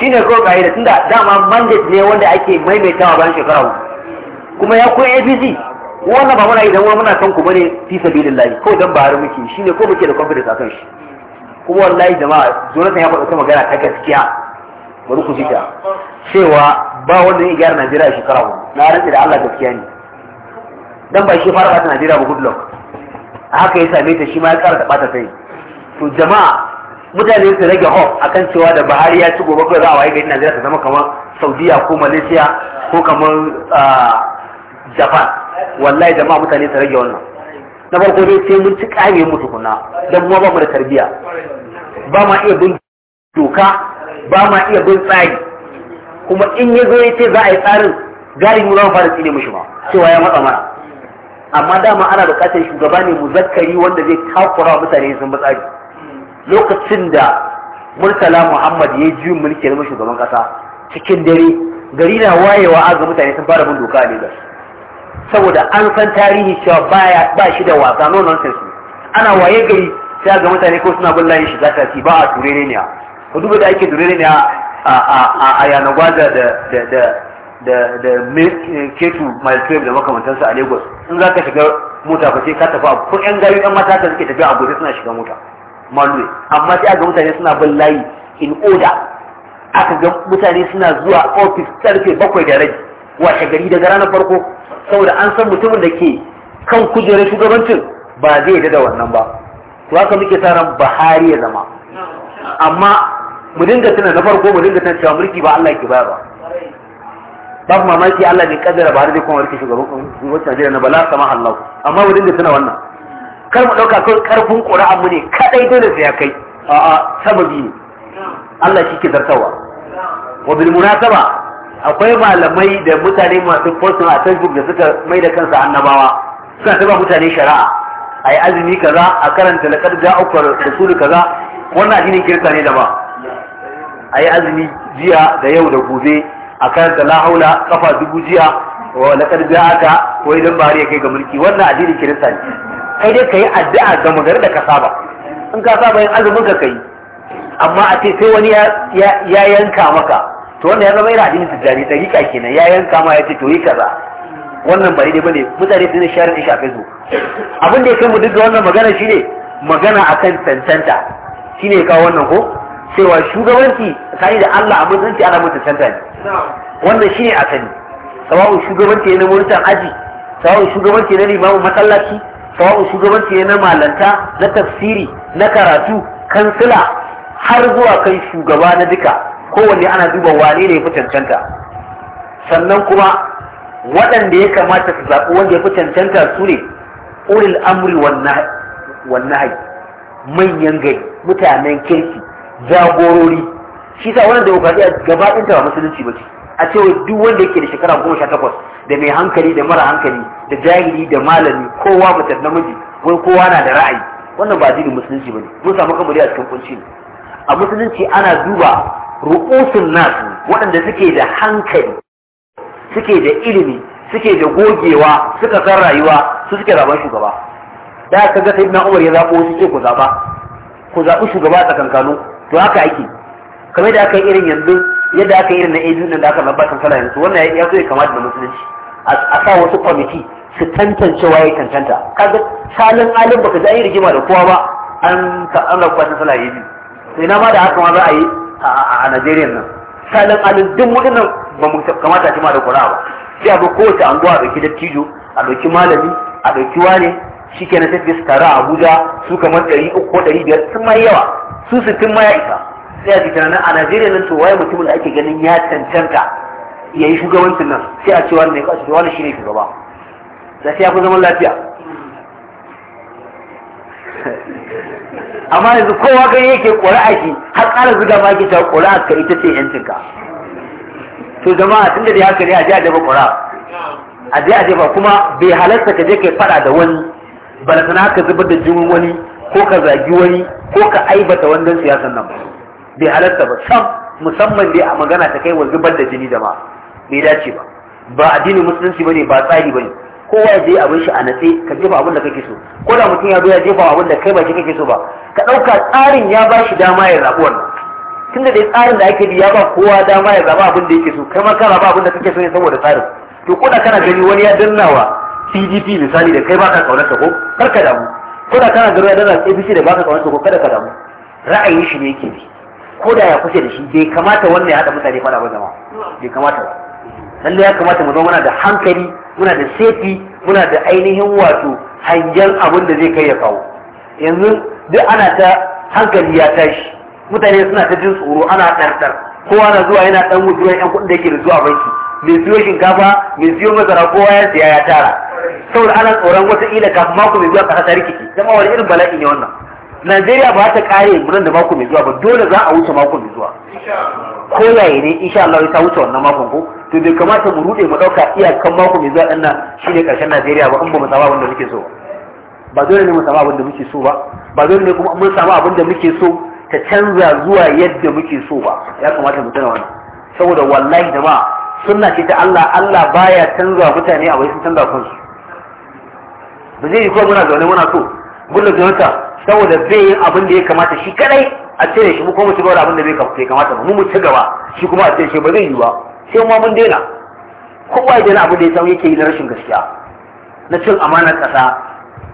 shi ne kawai ƙa'ida tunda dama mandate ne wanda ake maimaitawa bayan shekara kuma ya koyi apc wannan ba muna idan wani muna kan ku bane fi sabilillahi ko dan ba har muke shine ko muke da confidence akan shi kuma wallahi jama'a Jonathan ya faɗa ta magana ta gaskiya bari ku fita cewa ba wanda ya gyara Najeriya shekara hudu na rantsi da Allah gaskiya ne dan ba shi fara bata Najeriya ba Goodluck a haka ya same ta shi ma ya kara taɓa ta sai to jama'a mutane su rage hope akan cewa da Buhari ya ci gobe ko za a waye gari Najeriya ta zama kamar Saudiya ko Malaysia ko kamar ah, Japan wallahi jama'a mutane su rage wannan na farko dai sai mun ci kame mu tukuna dan kuma ba mu da tarbiya ba ma iya bin doka ba ma iya bin tsari kuma in ya zo ya ce za a yi tsarin gari mu zama fara tsine mushi ba cewa ya matsa mana amma dama ana bukatar shugaba ne muzakkari wanda zai takura wa mutane sun ba tsari lokacin da murtala muhammad ya ji mulki na shugaban kasa cikin dare gari na wayewa aga mutane sun fara bin doka a lagos saboda an san tarihi cewa baya ba shi da wasa no nonsense ana waye gari sai ga mutane ko suna bin layin shi za ta ci ba a turere ne ku duba da ake turere ne a a a yana gwaza da da da da da eh, ketu mile 12 da makamantansa a Lagos in za ka shiga mota ka ce ka tafi abu ko yan gari yan mata ka suke tafiya a gobe suna shiga mota maluwe amma sai ga mutane suna bin layi in order aka ga mutane suna zuwa office karfe bakwai da rabi washe gari daga ranar farko saboda an san mutumin da ke kan kujerar shugabancin ba zai yadda da wannan ba to haka muke sa ran Buhari ya zama amma mu dinga tuna na farko mu dinga tuna cewa mulki ba Allah ke bayarwa babu mamaki Allah ne kaddara ba har zai kuma rike shugaban wacce Najeriya na bala sama Allah amma mu dinga tuna wannan kar mu dauka kai karfin Qur'an mu ne kadai dole sai ya kai a'a sababi ne Allah shi ke zartawa wa bil munasaba akwai malamai da mutane masu postin a facebook da suka mai da kansa annabawa suna taba mutane shari'a a yi azumi kaza a karanta da ja'ukwar rasulu kaza wannan addinin kirista ne da ba a yi azumi jiya da yau da gobe a karanta lahaula kafa dubu jiya wa laƙar aka ko idan bari ya kai ga mulki wannan addinin kirista ne kai dai ka yi addu'a ga magana da ka saba in ka saba yin azumin ka kai amma a ce sai wani ya yanka maka to wanda ya zama yana addinin tijjani dariƙa kenan ya yanka ma ya ce to yi kaza wannan ba daidai bane mutane sun share ne shafe su abin da ya kai mu duk wannan magana shine magana akan tantanta shine kawo wannan ko cewa shugabanci tsakani da Allah a zanci ana mutu tantanta ne wannan shine asali sawa'un shugabanci ne na murtan aji sawa'un shugabanci ne na limamin masallaci sawa'un shugabanci ne na malanta na tafsiri na karatu kansila har zuwa kai shugaba na duka kowanne ana duba wane ne ya fi cancanta sannan kuma waɗanda ya kamata su zaɓi wanda ya fi cancanta su ne ulil amri wannan manyan gari mutanen kirki jagorori shi sa wannan demokradiyya gaba ɗinta ba musulunci ba ce a cewa duk wanda yake da shekara goma sha takwas da mai hankali da mara hankali da jahili da malami kowa mace namiji wai kowa na da ra'ayi wannan ba addinin musulunci ba ne mun samu kamar a cikin kunci ne a musulunci ana duba ru'usun nasu waɗanda suke da hankali suke da ilimi suke da gogewa suka san rayuwa su suke zaben shugaba da ka ga sayyidina Umar ya zabo su ce ku zaba ku zabi shugaba tsakankano to haka ake kamar da aka yi irin yanzu yadda aka yi irin na AJU da aka zaba kala yanzu wannan ya zo ya kamata da musulunci a sa wasu kwamiti su tantance waye tantanta kaga salin alim baka ji an yi rigima da kowa ba an ka an rabuwa kansala yayi sai na ma da haka ma za a yi a Najeriya nan salin alin duk waɗannan ba mu kamata shi ma da ƙura ba sai a kowace anguwa a ɗauki dattijo a ɗauki malami a ɗauki wane shi ke na tafiya su tare a Abuja su kamar ɗari uku ko ɗari biyar sun mai yawa su sittin ma ya isa sai a cikin nan a Najeriya nan to waye mutumin da ake ganin ya cancanta ya yi shugabancin nan sai a ce wani ne kawai wani shi ne shugaba da sai ya fi zaman lafiya amma yanzu kowa ga yake ƙuri'a shi har ƙara zuga ma gita ƙuri'a ka ita ce ka to jama'a tunda da haka ne a je a ba ƙuri'a a je a ba kuma bai halarta ka je kai faɗa da wani balasana ka zubar da jinin wani ko ka zagi wani ko ka aibata wannan siyasan nan bai halarta ba sam musamman dai a magana ta kai wa zubar da jini da ma bai dace ba ba addinin musulunci bane ba tsari bane kowa ya je abin shi a natse ka jefa abin da kake so ko da mutum ya zo ya jefa abin da kai ba shi kake so ba ka ɗauka tsarin ya ba shi dama ya zaɓi wannan tunda dai tsarin da ake bi ya ba kowa dama ya zaɓi abin da yake so kai ma ka zaɓi abin da kake so ne saboda tsarin to ko da kana gani wani ya dannawa PDP misali da kai baka kaunar ko kar ka damu ko da kana gani ya danna APC da baka kaunar ko kada ka damu ra'ayin shi ne yake bi ko da ya kusa da shi bai kamata wannan ya haɗa mutane fara ba zama bai kamata ba lalle ya kamata mu zama muna da hankali muna da sefi muna da ainihin wato hangen abin da zai kai ya kawo yanzu duk ana ta hankali ya tashi mutane suna ta jin tsoro ana ɗarɗar kowa na zuwa yana ɗan wujuwa yan kuɗin da yake da zuwa banki mai siyo shinkafa mai siyo masara kowa ya siya ya tara saboda ana tsoron wata ila kafin mako mai zuwa ƙasa ta rikici zama wani irin bala'i ne wannan Najeriya ba ta kare nan da mako mai zuwa ba dole za a wuce mako mai zuwa ko yayi ne insha Allah ta wuce wannan makon ko to bai kamata mu rude mu dauka iyakan mako mai zuwa din nan shine karshen Najeriya ba in ba mu samu abin da muke so ba dole ne mu samu abin da muke so ba ba dole ne kuma mun samu abin da muke so ta canza zuwa yadda muke so ba ya kamata mu tana wannan saboda wallahi jama'a sunna ce ta Allah Allah baya canza mutane a wai sun canza kansu ba zai yi ko muna zaune muna so gullu jonta saboda bai yin abin da ya kamata shi kadai a cire shi mu kuma ci gaba da abin da bai kamata mu mu ci gaba shi kuma a cire shi ba zai yi ba sai mu mun daina Ko ya daina abin da ya samu yake yi na rashin gaskiya na cin amanar kasa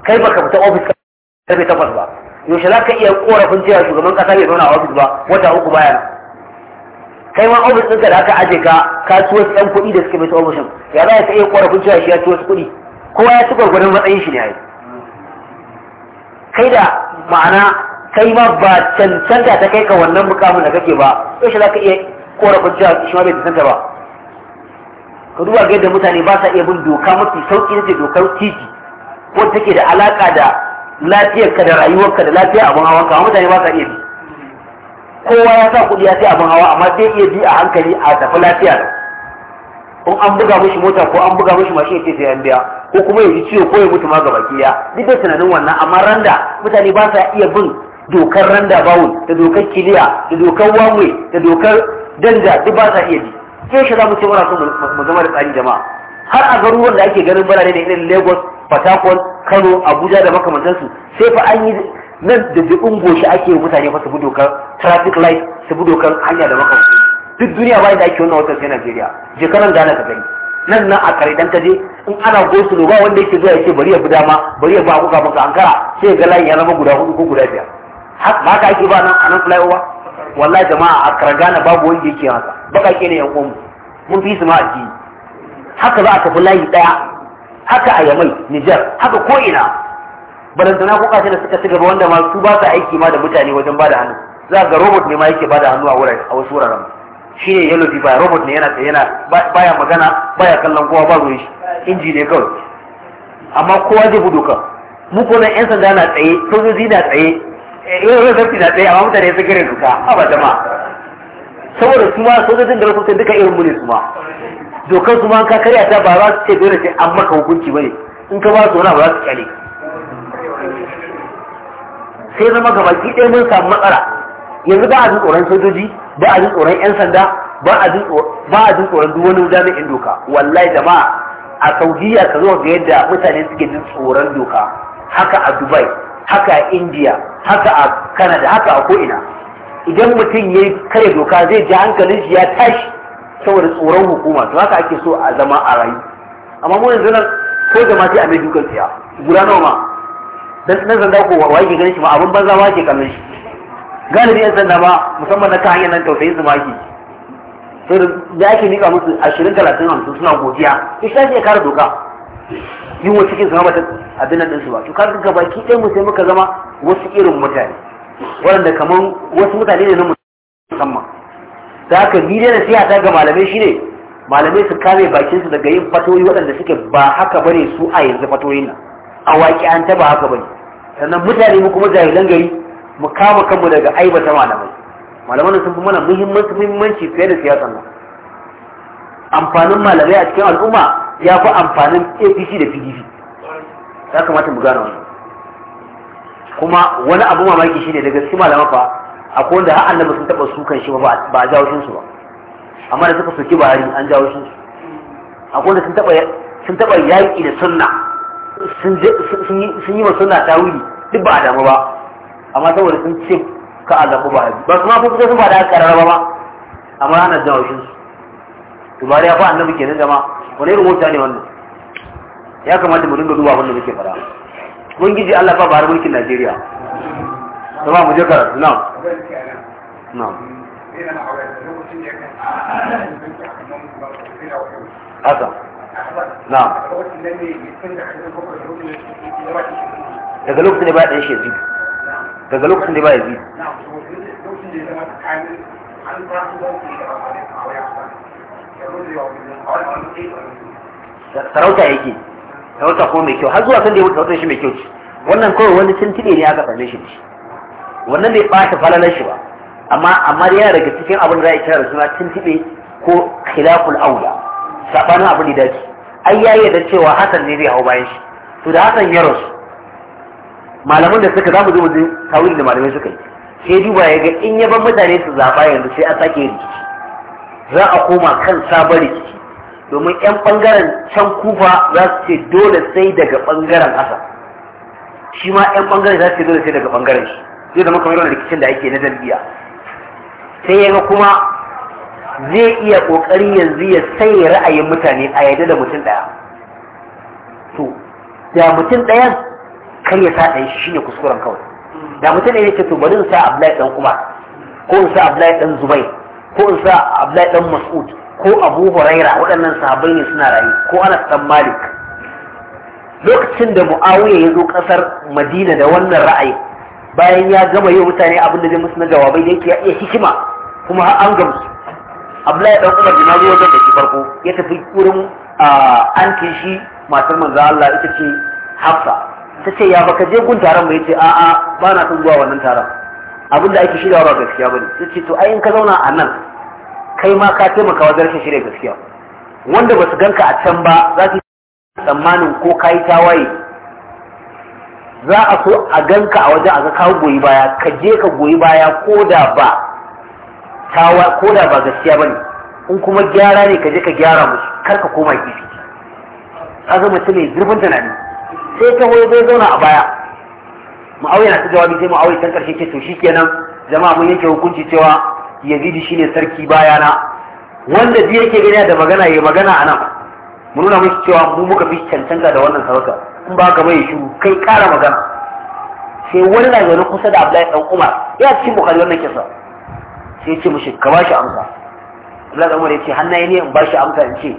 kai baka fita ofis karfe takwas ba yaushe za ka iya korafin cewa shugaban kasa bai zauna a ofis ba wata uku bayan kai ma ofis ɗinka da aka aje ka ka ci wasu ɗan kuɗi da suka mai ta ofishin ya za ka iya korafin cewa shi ya ci wasu kuɗi kowa ya ci gwargwadon matsayin shi ne a yi kai da ma'ana kai ma ba cancanta ta kai ka wannan mukamin da kake ba yaushe za ka iya korafin cewa shi ma bai cancanta ba ka duba ga yadda mutane ba sa iya bin doka mafi sauki na dokar titi ta take da alaka da lafiyarka da rayuwarka da lafiyar abin hawan ka mutane ba sa iya bi kowa ya sa kuɗi ya sai abin hawa amma zai iya bi a hankali a tafi lafiya in an buga mishi mota ko an buga mishi mashin ya ce sai an biya ko kuma ya ji ciwo ko ya mutu ma gabaki ya duk da tunanin wannan amma randa mutane ba sa iya bin dokar randa bawul da dokar kiliya da dokar wanwe da dokar danja duk ba sa iya bi ke shi za mu ce muna so mu zama da tsari jama'a har a garuruwan da ake ganin birane da irin lagos patakon kano abuja da makamantansu sai fa an yi nan da dubin goshi ake mutane fa su bi dokar traffic light su bi dokar hanya da makamantansu duk duniya bayan da ake wannan watan sai najeriya jikaran gana ka gani nan nan a kare dan kaje in ana gosu ba wanda yake zuwa yake bari ya bi dama bari ya ba ku kafin ka ankara sai ga layin ya zama guda hudu ko guda biyar ba ka ake ba nan anan flyover wallahi jama'a a kargana babu wanda yake haka baka ke ne yan uwan mun fi su ma aji. haka za a tafi layi daya haka a yamai Nijar haka ko ina barantana ko kashe da suka ci gaba wanda ma su ba su aiki ma da mutane wajen ba da hannu za ga robot ne ma yake ba da hannu a wasu wuraren shi ne yellow ba robot ne yana ta yana baya magana baya kallon kowa ba ruwan shi inji ne kawai amma kowa zai gudu ka mu ko yan sanda na tsaye sojoji na tsaye yau eh, zafi eh, eh, na tsaye amma mutane sun gare duka a ba jama'a saboda su ma sojojin da rasulta duka irin mu ne su ma dokar su ma ka karya ta ba za su ce dole sai an maka hukunci bane in ka ba su wani ba za su kyale sai zama gabaki ɗaya mun samu matsala yanzu ba a jin tsoron sojoji ba a jin tsoron yan sanda ba a jin tsoron duk wani jami'in doka wallahi jama'a a saudiya ka zo ga yadda mutane suke jin tsoron doka haka a dubai haka a india haka a canada haka a ko'ina idan mutum ya kare doka zai ji hankalin shi ya tashi saboda tsoron hukuma to haka ake so a zama a rayu amma mu yanzu nan ko jama'a sai a mai dukan tsaya gura nawa ma dan nan zan ko wa yake ganin shi ma abin banza ma ke kallon shi galibi yan sanda ba musamman na kayan nan tausayin su maki sai da ake nika musu ashirin talatin hamsin suna godiya to shi ya kare doka yin wasu cikin sama bata abin nan ɗinsu ba to kaga ga baki ɗaya mu sai muka zama wasu irin mutane waɗanda kamar wasu mutane ne na musamman da haka ni dai nasiha ta ga malamai shine malamai su kame bakin su daga yin fatoyi waɗanda suke ba haka bane su a yanzu fatoyin nan a waƙi an taba haka bane sannan mutane mu kuma jahilan gari mu kama kanmu daga aibata malamai malamai sun fi mana muhimmanci muhimmanci fiye da siyasa nan amfanin malamai a cikin al'umma ya fi amfanin apc da pdp ya kamata mu gane wannan kuma wani abu mamaki shine daga cikin malamai fa akwai wanda har annabi sun taba sukan shi ba ba a jawo su ba amma da suka soki Buhari an jawo su akwai wanda sun taba sun taba yaki da sunna sun yi wa sunna tawili duk ba a damu ba amma saboda sun ce ka a zaɓi yanzu ba su ma fi sun faɗa a ƙararra ba amma ana jan haushin su to bari ya fa annabi kenan jama wani irin mota ne wannan ya kamata mu dinga duba wannan muke fara mun giji Allah fa bari mulkin Najeriya ba mu je karatu na'am na'am haka Na. daga lokacin da ba ɗan shekaru daga lokacin da ba ya yazid sarauta yake sarauta ko mai kyau har zuwa sanda da ya wuce sarauta shi mai kyau ce wannan kawai wani tuntube ne aka same shi ne wannan bai ɓata falalar shi ba amma amma yana daga cikin abin da za a kira da suna tuntube ko khilaful aula sabanin abin da dace ai ya da cewa hasan ne zai hau bayan shi to da hasan ya rasu malaman da suka zamu zo mu ji tawil da malamai suka yi sai duba ya ga in yaban mutane su zaba yanzu sai a sake rikici za a koma kan sabon rikici domin yan bangaren can kufa za su ce dole sai daga bangaren asa shi ma yan bangaren za su ce dole sai daga bangaren shi zai zama kamar wani rikicin da ake na dalbiya sai ya ga kuma zai iya kokari yanzu ya sai ra'ayin mutane a yadda da mutum daya to da mutum dayan kar ya sa ɗan shi shine kuskuren kawai da mutum ne ce to bari in sa Abdullahi dan Umar ko in sa Abdullahi dan Zubair ko in sa Abdullahi dan Mas'ud ko Abu Huraira waɗannan sahabbai ne suna rayu ko Anas dan Malik lokacin da Muawiya ya zo kasar Madina da wannan ra'ayi bayan ya gama yi mutane abin da zai musu na jawabai da yake ya iya hikima kuma har an gamsu Abdullahi dan Umar da nazo wajen da shi farko ya tafi wurin ah, antin shi matar manzo Allah ita ce Hafsa ta ce ya baka je gun taron ba ce a'a ba na son zuwa wannan taron abinda ake shirya ba gaskiya bane ta ce to ai in ka zauna a nan kai ma ka taimaka wajen shirya gaskiya wanda ba su ganka a can ba za su tsammanin ko ka yi tawaye za a so a ganka a wajen a ga kawo goyi baya ka je ka goyi baya ko da ba tawa ko da ba gaskiya bane in kuma gyara ne ka je ka gyara musu kar ka koma kifi zama mutum mai zurfin tunani sai taho ya zai zauna a baya mu'awiya na ta jawabi sai mu'awiya can karshe ce to kenan jama'a mun yanke hukunci cewa yazidi shine sarki bayana wanda ji yake gani da magana ya magana a nan mu nuna musu cewa mu muka fi cancanta da wannan sarauta in ba ka bai shiru kai ƙara magana sai wani na zaune kusa da Abdullahi dan Umar ya cikin bukari wannan kisa sai ce mushi ka bashi amsa Abdullahi dan Umar ya ce hannaye ne in bashi amsa in ce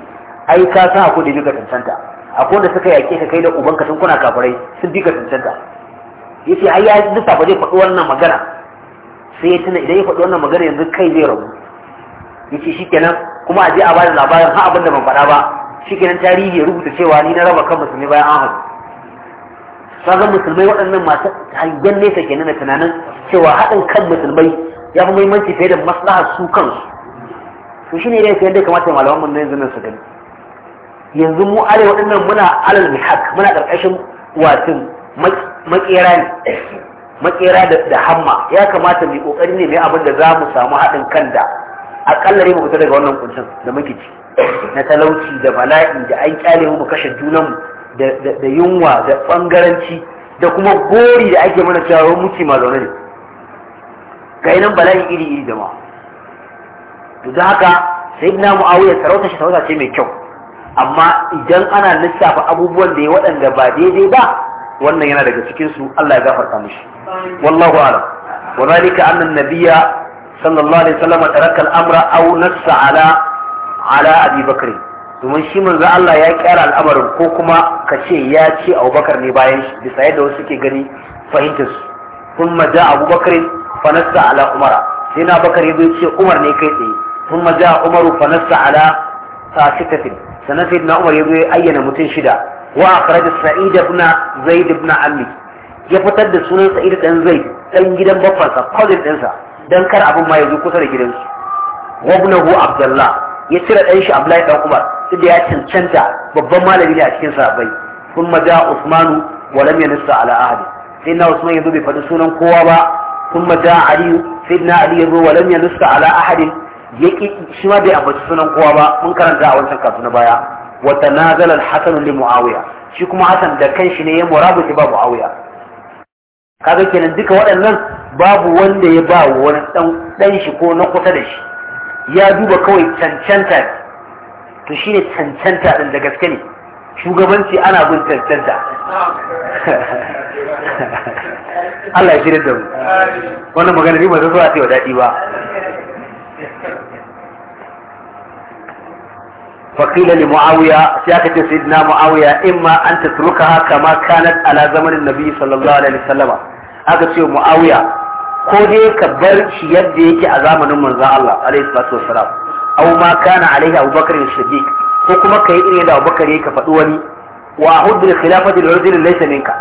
ai ka san ku da ka cancanta akwai wanda suka yake ka kai da ubanka sun kuna kafirai sun bi ka ya ce ai ya ba zai faɗi wannan magana sai ya tuna idan ya faɗi wannan magana yanzu kai zai rabu Ya shi shikenan kuma a je a bada labarin ha abin da ban faɗa ba shikenan tarihi ya rubuta cewa ni na raba kan musulmi bayan an haɗu sauran musulmai waɗannan masu hangen nesa kenan da tunanin cewa haɗin kan musulmai ya fi muhimmanci fiye da maslahar su kansu to shine idan yadda kamata malaman mun na yanzu nan su gani yanzu mu arewa waɗannan muna alal mihak muna karkashin wasin makera ne makera da hamma ya kamata mai kokari ne mai abin da za mu samu haɗin kan da aƙalla ne mu fita daga wannan kuncin da muke ci na talauci da bala'i da an kyale mu kashe junanmu da yunwa da bangaranci da kuma gori da ake mana cewa muke ma zaune ne ga nan bala'i iri iri ma to da haka sai sayyidina mu'awiyar sarauta shi sarauta ce mai kyau amma idan ana lissafa abubuwan da ya waɗanda ba daidai ba wannan yana daga cikinsu Allah ya gafarta mishi wallahu a'lam wa zalika anna an-nabiyya sallallahu alaihi wasallam taraka al-amra aw nassa ala ala Abi Bakr domin shi manzo Allah ya kyara al'amarin ko kuma ka ce ya ce Abu Bakar ne bayan shi bisa yadda wasu suke gani fahimtar su kuma ja Abu Bakr fa nassa ala Umar sai na Bakar ya ce Umar ne kai tsaye kuma ja Umar fa nassa ala sasitatin sannan sai na umar ya zo ya ayyana mutum shida wa akhraj sa'id ibn zaid ibn ammi ya fitar da sunan sa'id dan zaid dan gidan baffansa cousin ɗinsa dan kar abin ma ya zo kusa da gidansu wa ibnahu abdullah ya cire dan shi abdullahi dan umar da ya cancanta babban malami ne a cikin sahabbai kuma da usmanu wa lam yanussa ala ahadi sai na usman ya zo bai faɗi sunan kowa ba Kun da ali sai na ali ya zo wa lam yanussa ala ahadin shi ma bai ambaci sunan kowa ba mun karanta a wancan kasu na baya wata nazalar al-hasan li muawiya shi kuma hasan da kan shi ne ya murabuci ba muawiya kaga kenan duka waɗannan babu wanda ya ba wani dan shi ko na kusa da shi ya duba kawai cancanta to shine cancanta din da gaske ne shugabanci ana bin cancanta <laughs> Allah ya shirya da mu wannan magana ne ba zai zuwa wa daɗi ba فقيل لمعاوية سياكة سيدنا معاوية إما أن تتركها كما كانت على زمن النبي صلى الله عليه وسلم هذا سيو معاوية كودي كبر شيد ديك أزامن من الله عليه الصلاة والسلام أو ما كان عليه أبو بكر الشديك حكما كي إني أبو بكر يك فتواني وأهد الخلافة العزل ليس منك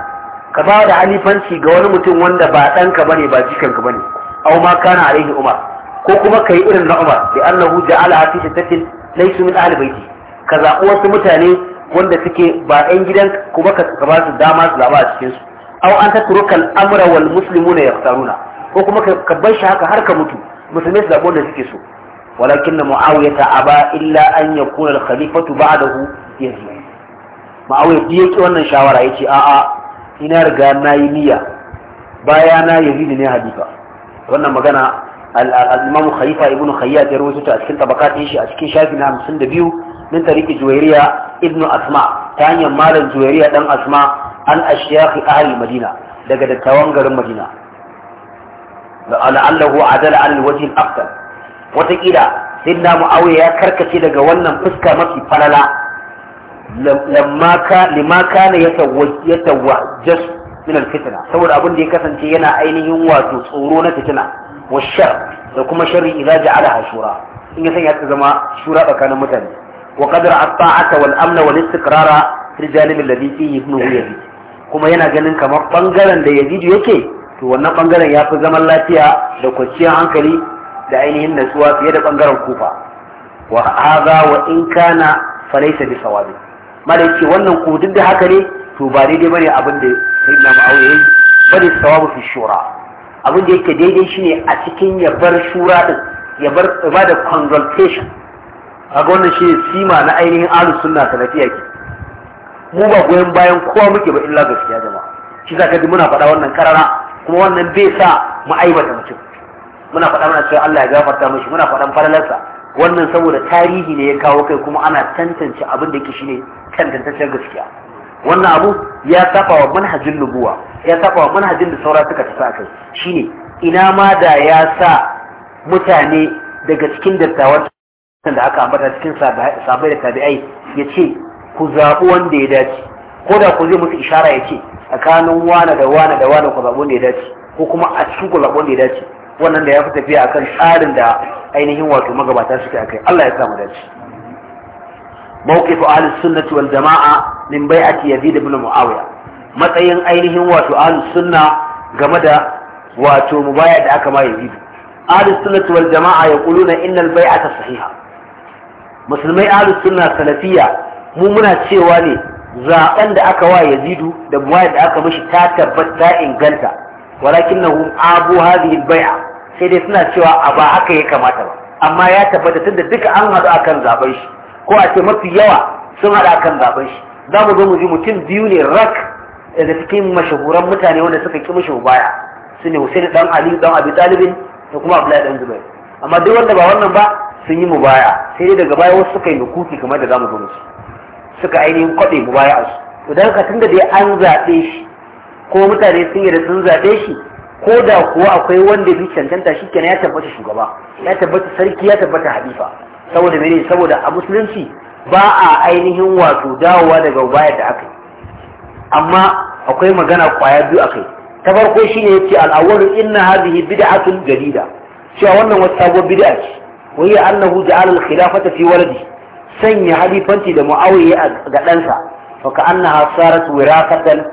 كبار علي فانشي قوان متن وان با كباني بني با أو ما كان عليه أمر ko kuma ka yi irin na Umar da annahu ja'ala hafi shittatin laisu min ahli baiti ka zaɓi wasu mutane wanda suke ba 'yan gidan kuma ka ba su dama su zaba a cikin su aw an tatruka al-amra wal muslimuna yaqtaruna ko kuma ka bar shi haka har ka mutu musulmai su zaɓi wanda suke so walakin muawiya ta aba illa an yakuna al-khalifatu ba'dahu yazid muawiya bi yake wannan shawara yace a'a ina riga nayi niyya baya na yazid ne halifa wannan magana al khalifa ibn khayyat ya rawaito a cikin tabakatin shi a cikin shafi na biyu min tariki juwairiya ibn asma ta hanyar malam juwairiya dan asma an ashyakh ahli madina daga dattawan garin madina la'allahu adala an al-wajh al-afdal watakila muawiya ya karkace daga wannan fuska mafi falala limaka na ya tawajjas min al saboda abin da ya kasance yana ainihin wato tsoro na fitina wa shar da kuma sharri idza ja'alaha shura in ya sanya ta zama shura tsakanin mutane wakadar qadra at-ta'ata wal amna wal istiqrara fil janib alladhi fihi ibnu kuma yana ganin kamar bangaren da yazid yake to wannan bangaren ya fi zaman lafiya da kwanciyar hankali da ainihin natsuwa fiye da bangaren kofa wa hadha wa in kana falaysa bi sawabi mala yake wannan ko duk da haka ne to ba daidai bane abin da sayyidina mu'awiya yayi bari sawabu fi shura abin da yake daidai shine a cikin ya bar shura din ya bar ba da consultation a ga wannan shine sima na ainihin ahlus sunna lafiya ke mu ba goyon bayan kowa muke ba illa gaskiya jama'a shi za ka ji muna faɗa wannan karara kuma wannan bai sa mu aibata mutum muna faɗa mana cewa Allah ya gafarta mishi muna faɗan falalarsa wannan saboda tarihi ne ya kawo kai kuma ana tantance abin da yake shine tantantaccen gaskiya wannan abu ya saba wa manhajin nubuwa ya saba wa manhajin da saura suka tafi akai shine ina ma da ya sa mutane daga cikin dattawan da aka ambata cikin sabai da tabi'ai ya ce ku zaɓi wanda ya dace ko da ku zai musu ishara ya ce tsakanin wane da wane da wane ku zaɓi wanda ya dace ko kuma a cikin ku zaɓi wanda ya dace wannan da ya fi tafiya akan tsarin da ainihin wato magabata suke akai Allah ya samu mu dace موقف أهل السنة والجماعة من بيعة يزيد بن معاوية matsayin ainihin wato ahlus sunna game da wato mubaya da aka ma yazidu ahlus sunna wal jama'a yaquluna innal bai'ata sahiha musulmai ahlus sunna salafiya, mu muna cewa ne zaben da aka wa yazidu da mubaya da aka mishi ta tabbata inganta walakinnahu abu hadhihi al bai'a sai dai suna cewa a ba haka ya kamata ba amma ya tabbata tunda duka an hadu akan zaben shi ko a ce mafi yawa sun haɗa kan zaben shi za mu zo mu ji mutum biyu ne rak daga cikin mashahuran mutane wanda suka ki mashi baya su ne Hussein ɗan Ali ɗan Abi Talibin da kuma Abdullahi ɗan Zubair amma duk wanda ba wannan ba sun yi mu baya sai dai daga baya wasu suka yi kuki kamar da za zamu zo suka ainihin kwaɗe baya a su to dan ka tunda dai an zaɓe shi ko mutane sun yi da sun zaɓe shi ko da kuwa akwai wanda bi cancanta shi kenan ya tabbata shugaba ya tabbata sarki ya tabbata halifa saboda mene saboda a musulunci ba a ainihin wato dawowa daga bayar da aka yi amma akwai magana kwaya biyu akai ta farko shine yace al-awwalu inna hadhihi bid'atun jadida cewa wannan wata sabuwar bid'a ce wa hiya annahu ja'ala al-khilafata fi waladi sanya halifanci da muawiya ga ɗansa fa ka'annaha sarat wirakatan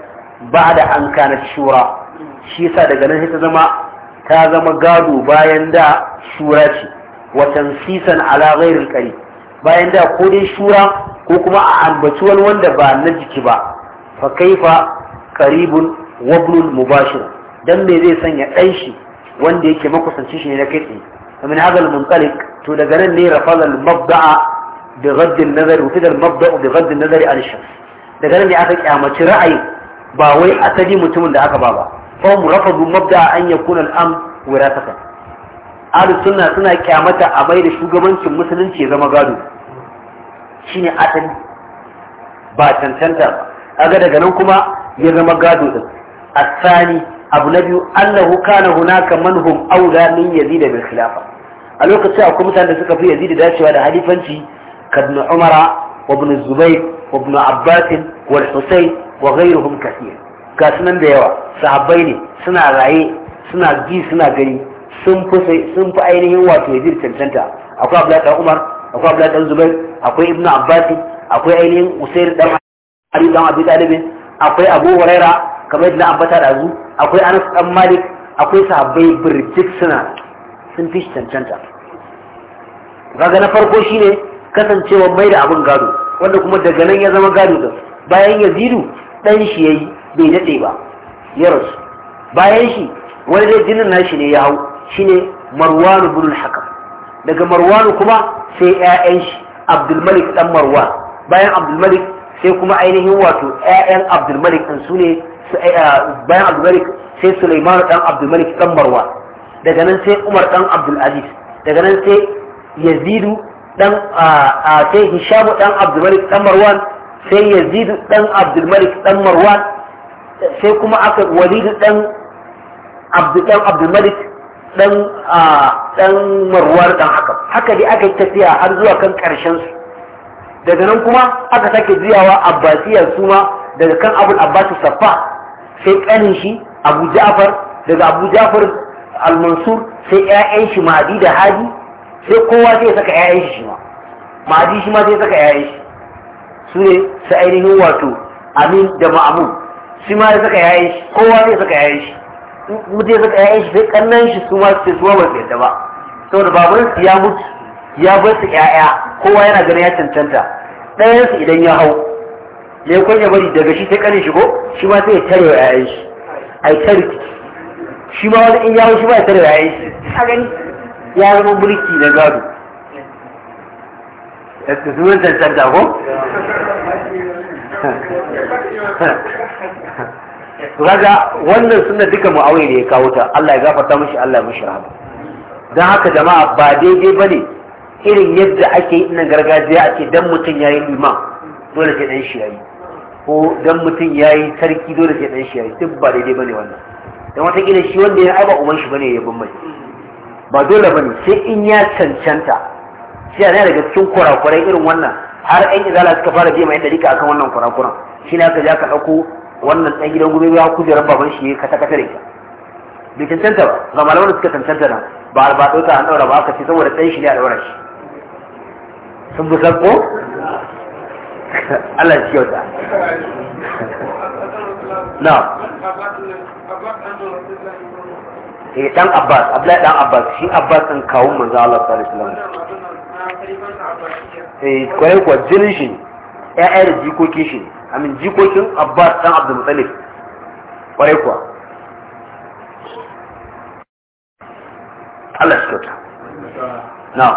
ba'da an kana shura shi yasa daga nan sai ta zama ta zama gado bayan da shura ce wa tansisan ala ghairil qari bayan da ko dai shura ko kuma a ambaci wani wanda ba na jiki ba fa kaifa qaribun wa ibnul mubashir dan me zai sanya dan shi wanda yake makusanci shi ne na kai min hadha al-munqaliq to daga nan ne rafaza al-mabda'a bi ghadd an-nazar wa fidal mabda'u bi ghadd an-nazar an shams daga nan ne aka kyamaci ra'ayi ba wai asali mutumin da aka ba ba fa mu rafadu mabda'a an yakuna al-am wirasatan ahlus sunna suna kyamata a mai da shugabancin musulunci ya zama gado shine asali ba tantanta ba kaga daga nan kuma ya zama gado din Sani abu na biyu annahu kana hunaka manhum aula min yazid bil khilafa a lokacin akwai mutanen da suka fi yazid dacewa da halifanci kadn umara wa ibn zubayr wa ibn abbas wal husayn wa ghayruhum ga sunan da yawa sahabbai ne suna raye suna ji suna gani sun fi sun ainihin wato yazid cancanta akwai abdullahi dan umar akwai abdullahi dan zubair akwai ibnu abbas akwai ainihin usair dan ali dan abi talib akwai abu huraira kamar yadda ambata da zu akwai anas dan malik akwai sahabbai birjik suna sun fi cancanta kaga na farko shine kasancewa mai da abin gado wanda kuma daga nan ya zama gado da bayan yazidu dan shi yayi bai dade ba ya bayan shi wani dai jinin nashi ne ya hau shine marwanu ibn al-hakam daga marwanu kuma sai ƴaƴan shi abdulmalik dan marwan bayan abdulmalik sai kuma ainihin wato ƴaƴan abdulmalik din su ne eh, bayan abdulmalik sai sulaiman dan abdulmalik dan marwan daga nan sai umar dan abdulaziz daga nan sai yazidu dan sai hishamu dan abdulmalik dan marwan sai yazidu dan abdulmalik dan marwan sai kuma aka walidu dan abdul malik. dan dan marwar dan haka haka dai aka yi tafiya har zuwa kan karshen su daga nan kuma aka sake ziyawa abbasiyar su daga kan abul abbas saffa sai kanin shi abu ja'far daga abu ja'far al-mansur sai ƴaƴan shi madi da hadi sai kowa sai ya saka ƴaƴan shi ma madi shi ma sai ya saka ƴaƴan shi su ne sai ainihin wato amin da ma'amun shi ma ya saka ƴaƴan shi kowa sai ya saka ƴaƴan shi mutu ya saka ƴaƴan shi sai kannan shi su ma su suwa bai su yadda ba saboda baban su ya mutu ya bar su ƴaƴa kowa yana ganin ya cancanta ɗayan su idan ya hau ya kun ya bari daga shi sai kanin shi ko shi ma sai ya tare wa ƴaƴan shi ai tare shi ma wani in ya hau shi ma ya tare wa ƴaƴan shi a gani ya zama mulki na gado da su cancanta ko <laughs> <laughs> Raga wannan suna duka mu'awai ne ya kawo ta Allah ya gafarta mushi Allah ya mushi rahama don haka jama'a ba daidai ba ne irin yadda ake yi nan gargajiya ake dan mutum ya yi liman dole sai dan shi ko dan mutum ya yi sarki dole sai dan shi duk ba daidai ba ne wannan don wata kila shi wanda ya aiba uban shi ne ya bin mai ba dole ba ne, sai in ya cancanta shi a daga cikin kurakurai irin wannan har 'yan izala suka fara biya mai rika akan wannan kurakuran shi ne aka ja ka ɗauko wannan ɗan gidan gube ya ran baban shi kata kata da ita bai cancanta ba ga malaman suka cancanta na ba ba dauka an ɗaura ba aka ce saboda ɗan shi ne a ɗaura shi sun bi san ko Allah shi yauta na eh dan Abbas Abdullahi dan Abbas shi Abbas din kawun manzo Allah sallallahu alaihi wasallam eh kwaye kwa jinin shi ya'ya da jikokin shi ne amin jikokin abbas dan abdul kwarai kuwa Allah shi kyauta na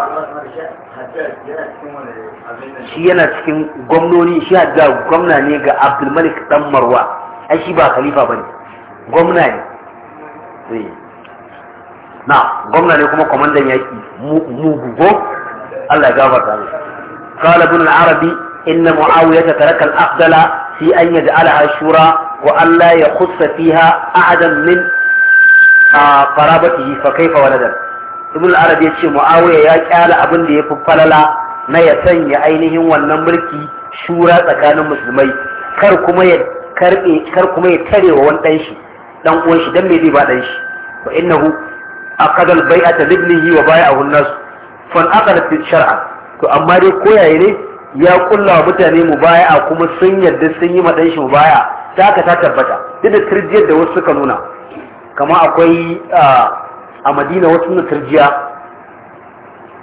shi yana cikin gwamnoni shi hajja gwamna ne ga abdulmalik dan marwa ai shi ba khalifa ba ne gwamna ne eh. na gwamna ne kuma kwamandan yaƙi mugugo. Allah ya gafarta ne قال ابن العربي inna muawiya taraka al-afdala fi an yaj'alaha shura wa Allah ya yakhussa fiha ahadan min qarabatihi fa kaifa waladan ibn al-arab yace muawiya ya kyala abin da fi falala na ya sanya ainihin wannan mulki shura tsakanin musulmai kar kuma ya karbe kar tarewa wani ɗanshi, shi dan uwan shi dan me zai ba dan shi fa innahu aqada al-bai'ata libnihi wa bai'ahu an-nas fa aqada fi shar'a to amma dai koyaye ne ya kulla mutane mu baya a kuma sun yarda sun yi madan shi mu baya ta haka ta tabbata duk da turjiyar da wasu suka nuna kama akwai a madina wasu na turjiya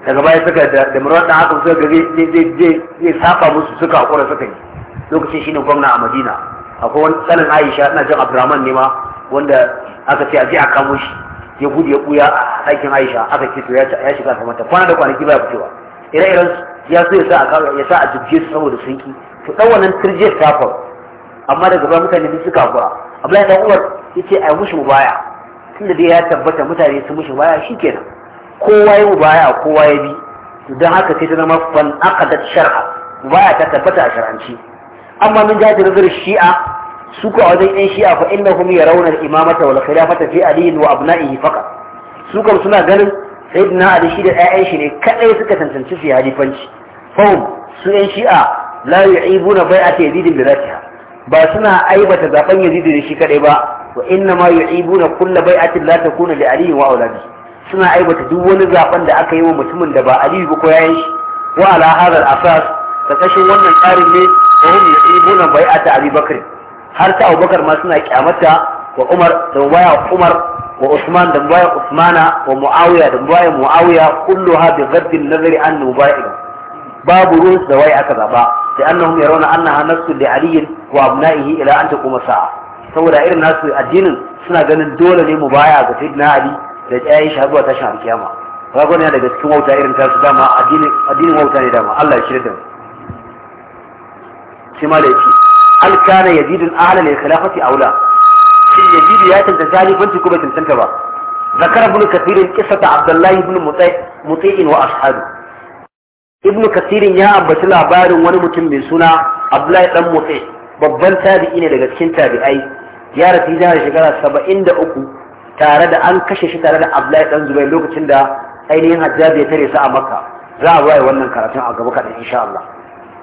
daga baya suka da murar da haka suka gare zai safa musu suka hakura suka yi lokacin shi ne gwamna a madina akwai wani tsanin aisha ina jan abdurrahman ne ma wanda aka ce a je a kamo shi ya gudu ya buya a aikin aisha aka ce to ya shiga ta kwana da kwanaki ba fitowa ire-iren ya so ya sa a ya sa su saboda sun ki to dan wannan turje ta amma daga baya mutane duk suka kura Abdullahi dan Umar yace ai mushi baya!' tunda dai ya tabbata mutane sun mushi mubaya shikenan kowa ya baya kowa ya bi to dan haka sai ta zama fan aqadat shar'a baya ta tabbata a shar'anci amma min jihar nazar shi'a su ko a wajen yan shi'a fa innahum yarawna al-imamata wal khilafata fi aliyin wa abna'ihi faqat su kam suna ganin sayyidina ali shi da ƴaƴan shi ne kadai suka tantance su halifanci fahim su yan shi'a la yu'ibuna bai'ata yazid bi zatiha ba suna aibata zaben yazid da shi kadai ba wa inna ma yu'ibuna kullu bai'atin la kuna da ali wa auladi suna aibata duk wani zaben da aka yi wa mutumin da ba Aliyu ba ko ya shi wa ala hadha al ta kashin wannan tsarin ne wa hum yu'ibuna bai'ata abi bakr har ta abubakar ma suna kyamata wa umar da baya umar wa usman da baya usmana wa muawiya da baya muawiya kulluha bi ghaddin nazari an nubai'in babu ruwan da waye aka zaba sai annahum yarawna annaha nafsun li aliyin wa abna'ihi ila an taquma sa'a saboda irin nasu addinin suna ganin dole ne mu baya ga sayyidina ali da tsayayi shi zuwa tashin alkiyama kaga ne daga cikin wauta irin tasu dama addinin addinin wauta ne dama Allah ya shirya da mu shi ma da yake hal kana yazidun ahla lil khilafati aula shin yazidu ya tantance zalibanci ko bai tantance ba ذكر ابن كثير قصة عبد الله بن مطيع وأصحابه ibnu kasirin ya ambaci labarin wani mutum mai suna abdullahi dan mutse babban tabi'i ne daga cikin tabi'ai ya rafi jihar shekara saba'in da uku tare da an kashe shi tare da abdullahi dan zubai lokacin da ainihin hajjabi ya tare su a makka za a waye wannan karatun a gaba kaɗan insha Allah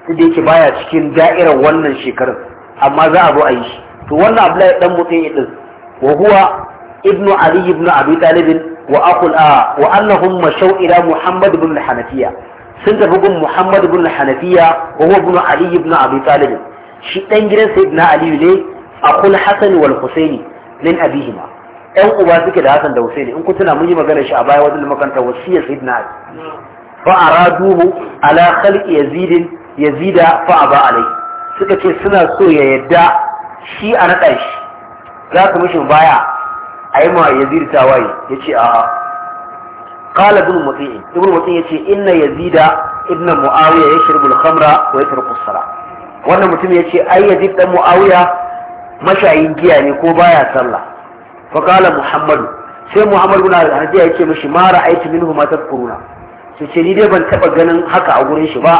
duk da yake baya cikin da'irar wannan shekarar amma za a zo a yi shi to wannan abdullahi dan mutse din wa huwa ibnu ali ibnu abi talib wa aqul a wa annahum mashaw ila muhammad ibn hanafiya sun tafi gun Muhammad ibn Hanafiya wa huwa ibn Ali ibn Abi Talib shi dan gidan Sayyidina Ali ne akul Hasan wal Husaini min abihima ɗan uba suke da Hassan da Husaini in kun tuna mun yi magana shi a baya wajen makaranta wasiyar Sayyidina Ali fa araduhu ala khalqi Yazid Yazida fa aba alai suka ce suna so ya yadda shi a naɗa shi za ka mishi baya a yi ma Yazid tawaye ya ce a'a qala ibn mutin ibn mutin yace inna yazida ibn muawiya ya al-khamra wa yatruku as-salah wannan ce yace ai yazid dan muawiya mashayin giya ne ko baya sallah fa qala muhammadu sai muhammad ibn al-hadiya yace mishi ma ra'aytu minhu ma tadhkuruna sai ce ni dai ban taɓa ganin haka a gurin shi ba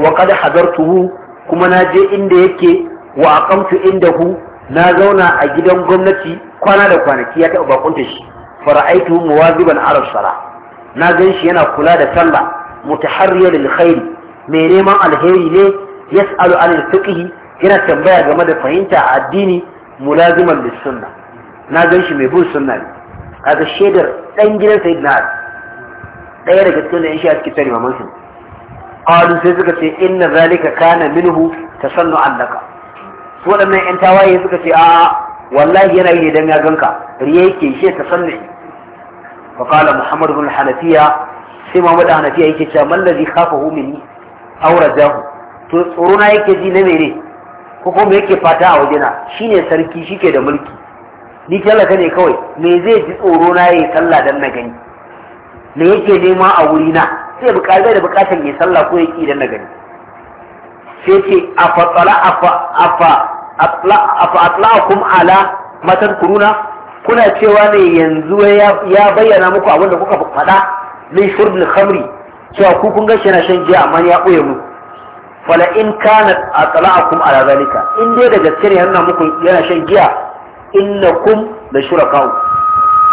wa qad hadartuhu kuma na je inda yake wa kamtu inda ku na zauna a gidan gwamnati kwana da kwanaki ya taɓa bakunta shi fara'aitu muwaziban arab sala na gan shi yana kula da sallah mutaharriyar alkhairi mai neman alheri ne yas'alu an fiqhi yana tambaya game da fahimta a addini mulaziman da sunna na gan shi mai bin sunna ne kaga shedar dan gidan sayyidina ali daya daga cikin da shi a cikin tare mamansu qalu sai suka ce inna zalika kana minhu tasannu'an laka su waɗannan yan tawaye suka ce a wallahi yana yi dan ya ganka riye ke shi tasannu'i fa qala muhammad ibn hanafiya sai muhammad hanafiya yake cewa man ladhi khafahu minni aw rajahu to tsoro yake ji na mene ko kuma yake fata a wajena shine sarki shike da mulki ni talaka ne kawai me zai ji tsoro na yayi sallah dan na gani me yake nema a wuri na sai bukatar da bukatar yayi sallah ko yake dan na gani sai ce afa tsala afa afa atla ala matan kuruna kuna cewa ne yanzu ya bayyana muku abin da kuka faɗa min shurbin khamri cewa ku kun gashi na shan giya amma ya ɓoye mu fala in kana atla'akum ala zalika in dai da gaske ne yana muku yana shan giya innakum la shuraka'u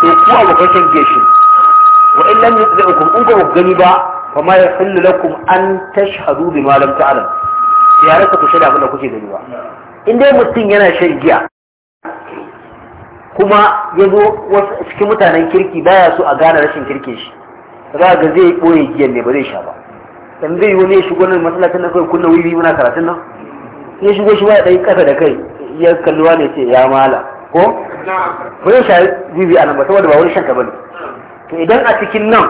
to ku abokan shan giya shi wa in lam yutbi'ukum in ku gani ba fa ma yahillu lakum an tashhadu bima lam ta'lam ya rasa ku shaida abin da kuke gani ba in dai mutum yana shan giya kuma ya zo cikin mutanen kirki baya so a gane rashin kirki shi za ga zai ɓoye giyan ne ba zai sha ba dan zai yi wani ya shigo nan masallacin nan kawai kunna wuri muna karatun nan ya shigo shi ba ɗai ƙasa da kai ya kalluwa ne ce ya mala ko ba zai sha bibi a nan ba saboda ba wani shanka ba ne to idan a cikin nan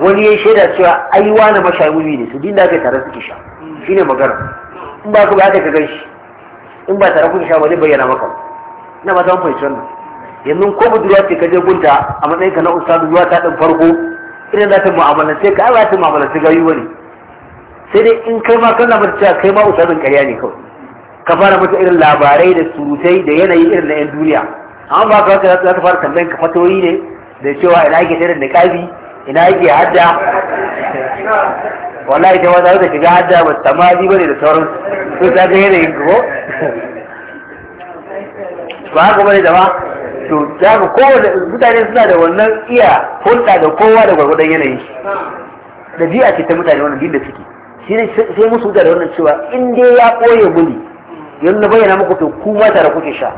wani ya shaida cewa ai wani mashayi wiwi ne su dinda aka tare suke sha shine magana in ba ku ba aka ka gan shi in ba tare kuke sha ba zai bayyana maka na ba ta mun fahimci wannan yanzu ko budurwa ce ka je gunta a matsayin ka na ustadu zuwa ta ɗin farko ina za ta mu'amalance ka za ta mu'amalance gayu wani sai dai in kai ma kana mata cewa kai ma ustadin ƙarya ne kawai ka fara mata irin labarai da surutai da yanayi irin na 'yan duniya amma ba ka za ta fara tambayin ka fatoyi ne da cewa ina ake tsere da ƙabi ina ake hadda wallahi ta wata da shiga hadda ba ta mazi ba ne da sauran su ta ga yanayin ko ba haka ba ne da ba to za ka kowane mutane suna da wannan iya hulɗa da kowa da gwargwadon yanayi da biya ce ta mutane wannan din da suke shi ne sai musu da wannan cewa in dai ya ɓoye muni yanzu na bayyana muku to ku ma tare kuke sha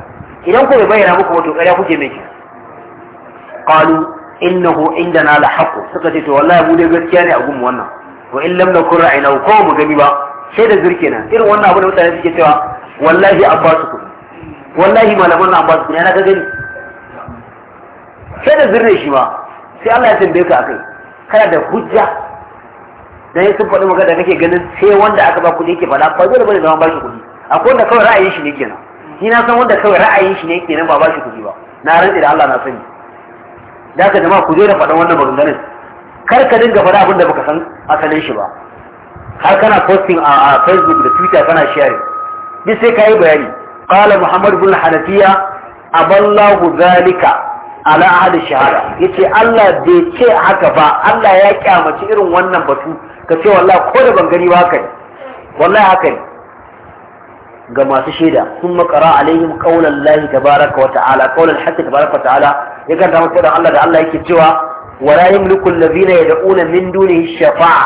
idan ku bai bayyana muku wato to ƙarya kuke mai ki qalu innahu indana la haqqu suka ce to wallahi mu dai gaskiya ne a gumu wannan wa in lam nakun ra'ina ko mu gani ba sai da zurke na irin wannan abu da mutane suke cewa wallahi abbasu wallahi malaman na abbasu ne na ka gani sai da zirne shi ma sai Allah ya tambaye ka akai kana da hujja dan sun faɗi maka da kake ganin sai wanda aka ba kuɗi yake faɗa ba dole bane zaman bashi kuɗi akwai wanda kawai ra'ayin shi ne kenan ni na san wanda kawai ra'ayin shi ne kenan ba ba bashi kuɗi ba na rantsi da Allah na sani da ka jama'a ku je da faɗan wannan maganganun kar ka dinga faɗa abin da baka san asalin shi ba har kana posting a Facebook da Twitter kana sharing duk sai ka yi bayani qala Muhammad bin Hanafiya aballahu zalika ala ahadi shahada yace Allah bai ce haka ba Allah ya kyamaci irin wannan batu ka ce wallahi ko da ban gani ba kai, wallahi haka ne ga masu shaida sun makara alaihim qaulan lahi tabaraka wa ta'ala qaulan hatta tabaraka wa ta'ala ya ganta masa da Allah da Allah yake cewa wala yamliku alladhina yad'una min dunihi shafa'a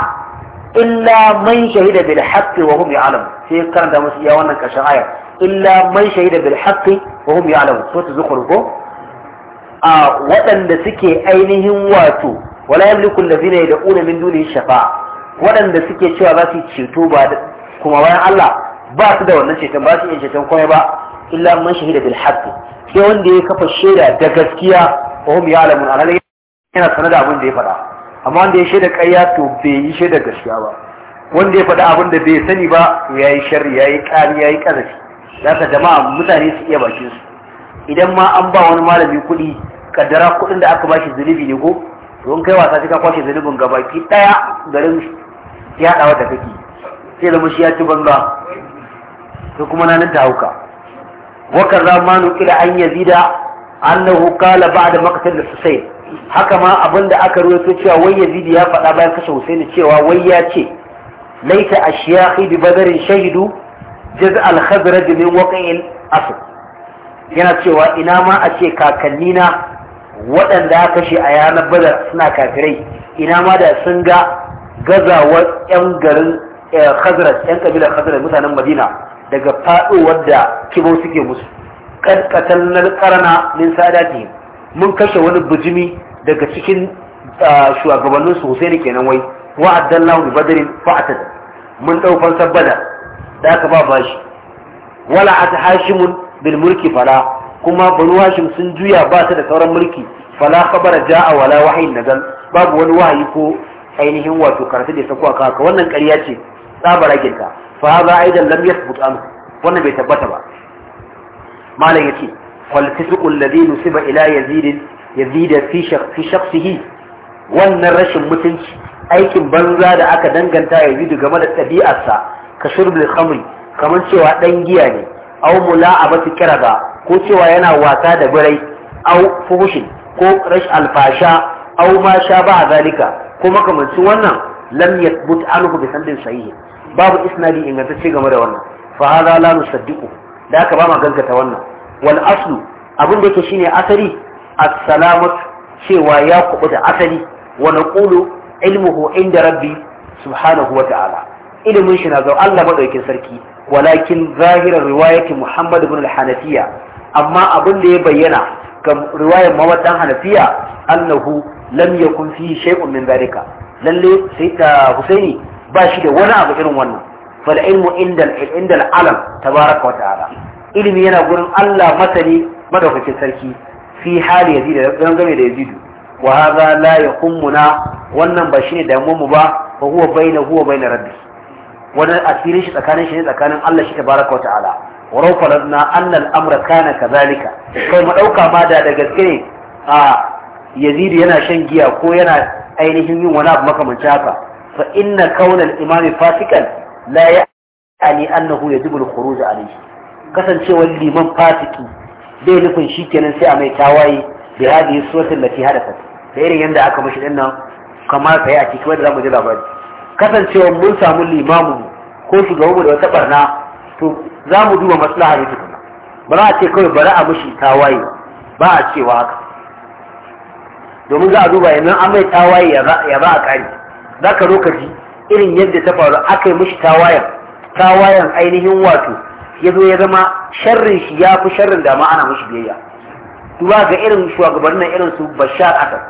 illa man shahida bil haqqi wa hum ya'lamun sai karanta musu iya wannan kashin aya illa man shahida bil haqqi wa hum ya'lamun sura ko. a waɗanda suke ainihin wato wala yamliku da yad'una min dunihi shafa'a waɗanda suke cewa za su ceto ba kuma bayan Allah ba su da wannan ceton ba su yin ceton komai ba illa man shahida bil haqq sai wanda ya kafa shaida da gaskiya wa hum ya'lamun alhalin yana sanar da abin da ya faɗa amma wanda ya shaida ƙarya to bai yi shaida gaskiya ba wanda ya faɗa abin da bai sani ba to yayi sharri yayi ƙari yayi za zaka jama'a mutane su iya bakin su idan ma an ba wani malami kuɗi kaddara kuɗin da aka bashi zunubi ne ko don kai wasa sai ka kwashe zunubin gabaki ɗaya garin ya haɗawa da kake sai zama shi ya ci banza to kuma na nan ta hauka wakar zamanu ila an yazida annahu qala ba'da maqtal husayn haka ma abinda aka ruwaito cewa wai yazidi ya faɗa bayan kashe husayn cewa wai ya ce laita ashyaqi bi badarin shahidu jaz al khadraj min waqi'il asr yana cewa ina ma a ce kakannina. waɗanda aka shi a yanar badar suna kafirai ina ma da sun ga gazawar 'yan garin eh, khazraj 'yan kabilar khazraj mutanen madina daga faɗowar da kibau suke musu ƙarƙatar na ƙarana min sadati mun kashe wani bijimi daga cikin ah, shugabannin su husaini kenan wai wa'addan lahu bi badrin fa'atad mun dau fansar da aka ba bashi wala at hashimun bil mulki fala kuma banu hashim sun juya ba su da sauran mulki fala khabara ja'a wala wahyin nazal babu wani wahayi ko ainihin wato karatu da sako aka haka wannan ƙarya ce tsabara ginta fa hadha aidan lam yathbut an wannan bai tabbata ba malam yace wal fisqu alladhi nusiba ila yazid yazid fi shakhsi shakhsihi wannan rashin mutunci aikin banza da aka danganta ya yazid game da tabi'arsa ka shurbil khamri kamar cewa dan giya ne aw mula'abati kiraba ko cewa yana wasa da birai au fuhushin ko rash alfasha au ma sha ba zalika ko makamancin wannan lam yathbut anhu bi sanadin sahih babu isnadi ingantacce game da wannan fa hadha la nusaddiqu da aka ba ma gaggata wannan wal aslu abin da yake shine asali as cewa ya da asali wa naqulu ilmuhu inda rabbi subhanahu wa ta'ala ilimin shi na zo Allah madaukin sarki walakin zahirar riwayati Muhammad ibn al-Hanafiya amma abin da ya bayyana ga riwayar mawadan hanafiya annahu lam yakun fi shay'un min dalika lalle sai ta husaini ba shi da wani abu irin wannan fal ilmu indal indal alam tabaraka wa ilimi yana gurin Allah masani madaukakin sarki fi hali yazid da dangane da yazid wa hadha la yakummuna wannan ba shine damuwar mu ba fa huwa baina huwa baina rabbi wannan asirin shi tsakanin shi ne tsakanin Allah shi tabaraka wa walau na annal amra kana kazalika kai mu dauka ma da da gaske ne a yazidu yana shan giya ko yana ainihin yin wani abu makamancin haka fa inna kaunal imami fasikan la ya'ani annahu yajibu al-khuruj alayhi kasancewar liman fasiki zai nufin shikenan sai a mai tawaye bi hadhihi suratin lati hadathat da irin yanda aka mashi din nan kamar kai a cikin wanda zamu ji labari kasancewar mun samu limamu ko shugabanmu da wata barna to za mu duba maslaha ne tukuna ba za a ce kawai bari a mushi tawaye ba a cewa haka domin za a duba yanzu an mai tawaye ya ba a kari za ka zo ji irin yadda ta faru aka yi mushi tawayen tawayen ainihin wato ya zo ya zama sharrin shi ya fi sharrin da ma ana mushi biyayya duba ga irin shugabannin irin su bashar asad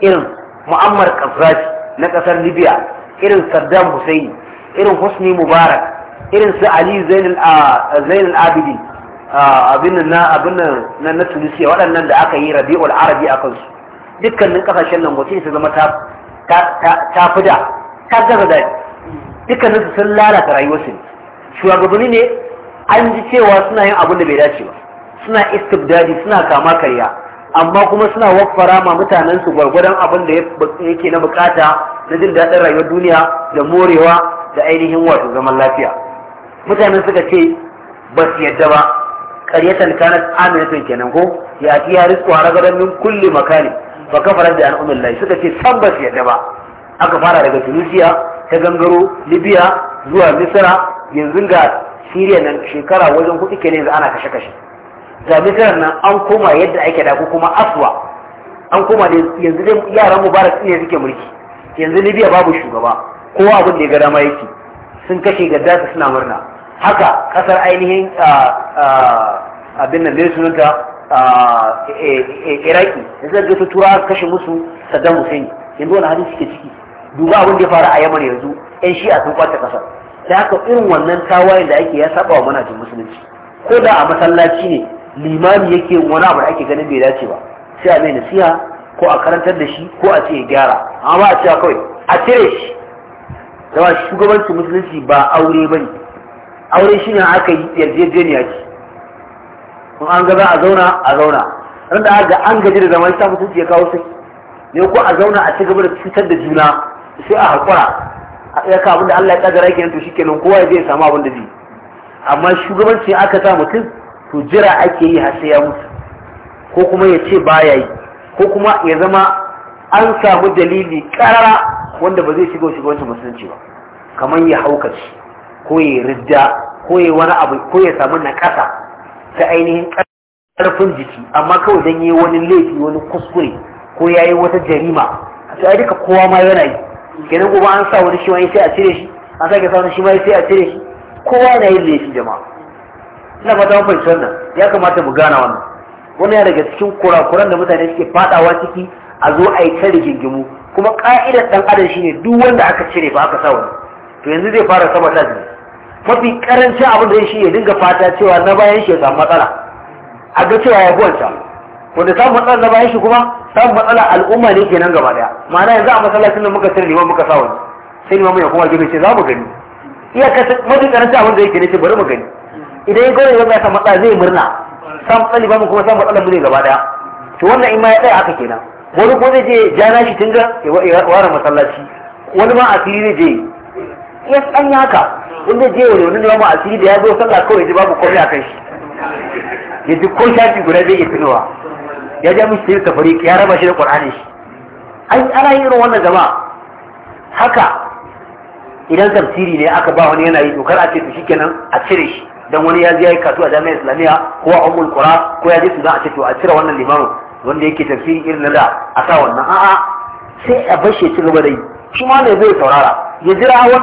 irin mu'ammar kafraji na ƙasar libya irin saddam hussein irin husni mubarak irin su ali zainul ah, abidi ah, abin na nan na tunisiya waɗannan da aka yi rabi'ul arabi a kansu dukkanin kasashen nan gwacin su zama ta ta fida ta gaza da dukkanin su sun lalata rayuwarsu shugabanni ne an ji cewa suna yin abin da bai dace ba suna istibdadi suna kama karya amma kuma suna waffara ma mutanen su gwargwadon abin da yake na bukata na jin daɗin rayuwar duniya da morewa da ainihin wato zaman lafiya mutane suka ce ba su yadda ba qaryatan Amina aminatan kenan ko ya ci ya rizqu ragadan min kulli makani fa kafarat bi an'amillahi suka ce san ba su yadda ba aka fara daga Tunisia ta gangaro Libya zuwa Misira yanzu ga Syria nan shekara wajen hudu ne yanzu ana kashe kashe ga Misira nan an koma yadda ake da ko kuma aswa an koma da yanzu dai yaran Mubarak ne suke mulki yanzu Libya babu shugaba kowa abin da ya ga dama yake sun kashe gaddafi suna murna haka kasar ainihin ah, ah, abin nan mai sunanta ah, eh, eh, iraki da zai gato tura kashe musu saddam hussein yanzu wani hadin suke ciki duba abin da ya fara a yaman yanzu yan shi'a sun kwace kasar da haka irin wannan tawayen da ake ya saba wa manajin musulunci ko da a masallaci ne limami yake wani abu da ake ganin bai dace ba sai a mai nasiha ko a karantar da shi ko a ce ya gyara amma a cewa kawai a cire shi da shugabancin musulunci ba aure ba ne aure shi ne aka yi yarjejeniya ce kun an ga za a zauna a zauna ran da an gaji da zaman ta mutunci ya kawo sai ne ko a zauna a ci gaba da cutar da juna sai a haƙura a iya ka abin da Allah ya kaddara nan to shikenan kowa ya zai samu abin da zai amma shugabanci aka sa mutum to jira ake yi har sai ya mutu ko kuma ya ce baya yi ko kuma ya zama an samu dalili karara wanda ba zai shiga shugabancin musulunci ba kamar ya haukaci ko ya ridda ko ya wani abu ko ya samu naƙasa ta ainihin ƙarfin jiki amma kawai dan yi wani laifi wani kuskure ko ya yi wata jarima to ai duka kowa ma yana yi kenan gobe an sa wani shi ma sai a cire shi an sake sa wani shi ma sai a cire shi kowa yana yin laifi jama'a ina fata mun fahimci wannan ya kamata mu gana wannan wannan ya daga cikin kurakuran da mutane suke fadawa ciki a zo a yi ta rigingimu kuma ka'idar dan adam shine duk wanda aka cire ba aka sa wani to yanzu zai fara sama ta mafi karancin abin da shi ya dinga fata cewa na bayan shi ya samu matsala a ga cewa ya buwanta wanda samun matsala na bayan shi kuma samun matsala al'umma ne nan gaba daya ma'ana yanzu a masallacin da muka sai liman muka sa wani sai liman mai kuma gina ce za mu gani iya kasa mafi karancin abin da yake ne ce bari mu gani idan ya gwada ya samu matsala zai murna samun matsala liman kuma samun matsala mu ne gaba daya to wannan in ma ya tsaya haka kenan wani ko zai je na shi ga ya ware masallaci wani ma a fili zai je ya tsanya haka in da je wani wani neman asiri da ya zo sallah kawai ji babu komai a kan shi ya ji ko shafi guda zai iya tunawa ya ja mishi tilka fari ya raba shi da qur'ani shi ai ana yin irin wannan jama'a haka idan tafsiri ne aka ba wani yana yi dokar a ce to shikenan a cire shi dan wani ya je kasuwa a jami'ar islamiyya ko a ummul qura ko ya je su za a ce to a cire wannan limamin wanda yake tafsiri irin na da a sa wannan a'a sai a bar shi ci gaba da yi shi ma ne zai saurara ya jira Allah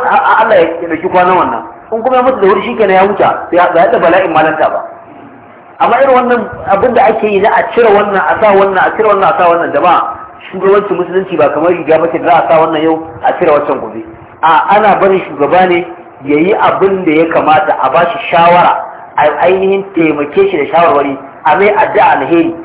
ya dauki kwanan wannan in kuma ya mutu da wuri shikenan ya huta sai ba ya bala'in malanta ba amma irin wannan abin da ake yi na a cire wannan a sa wannan a cire wannan a sa wannan jama'a shugabancin musulunci ba kamar riga ba ce da za a sa wannan yau a cire wancan gobe a ana barin shugaba ne ya yi abin da ya kamata a ba shi shawara a ainihin taimake shi da shawarwari a mai addu'a alheri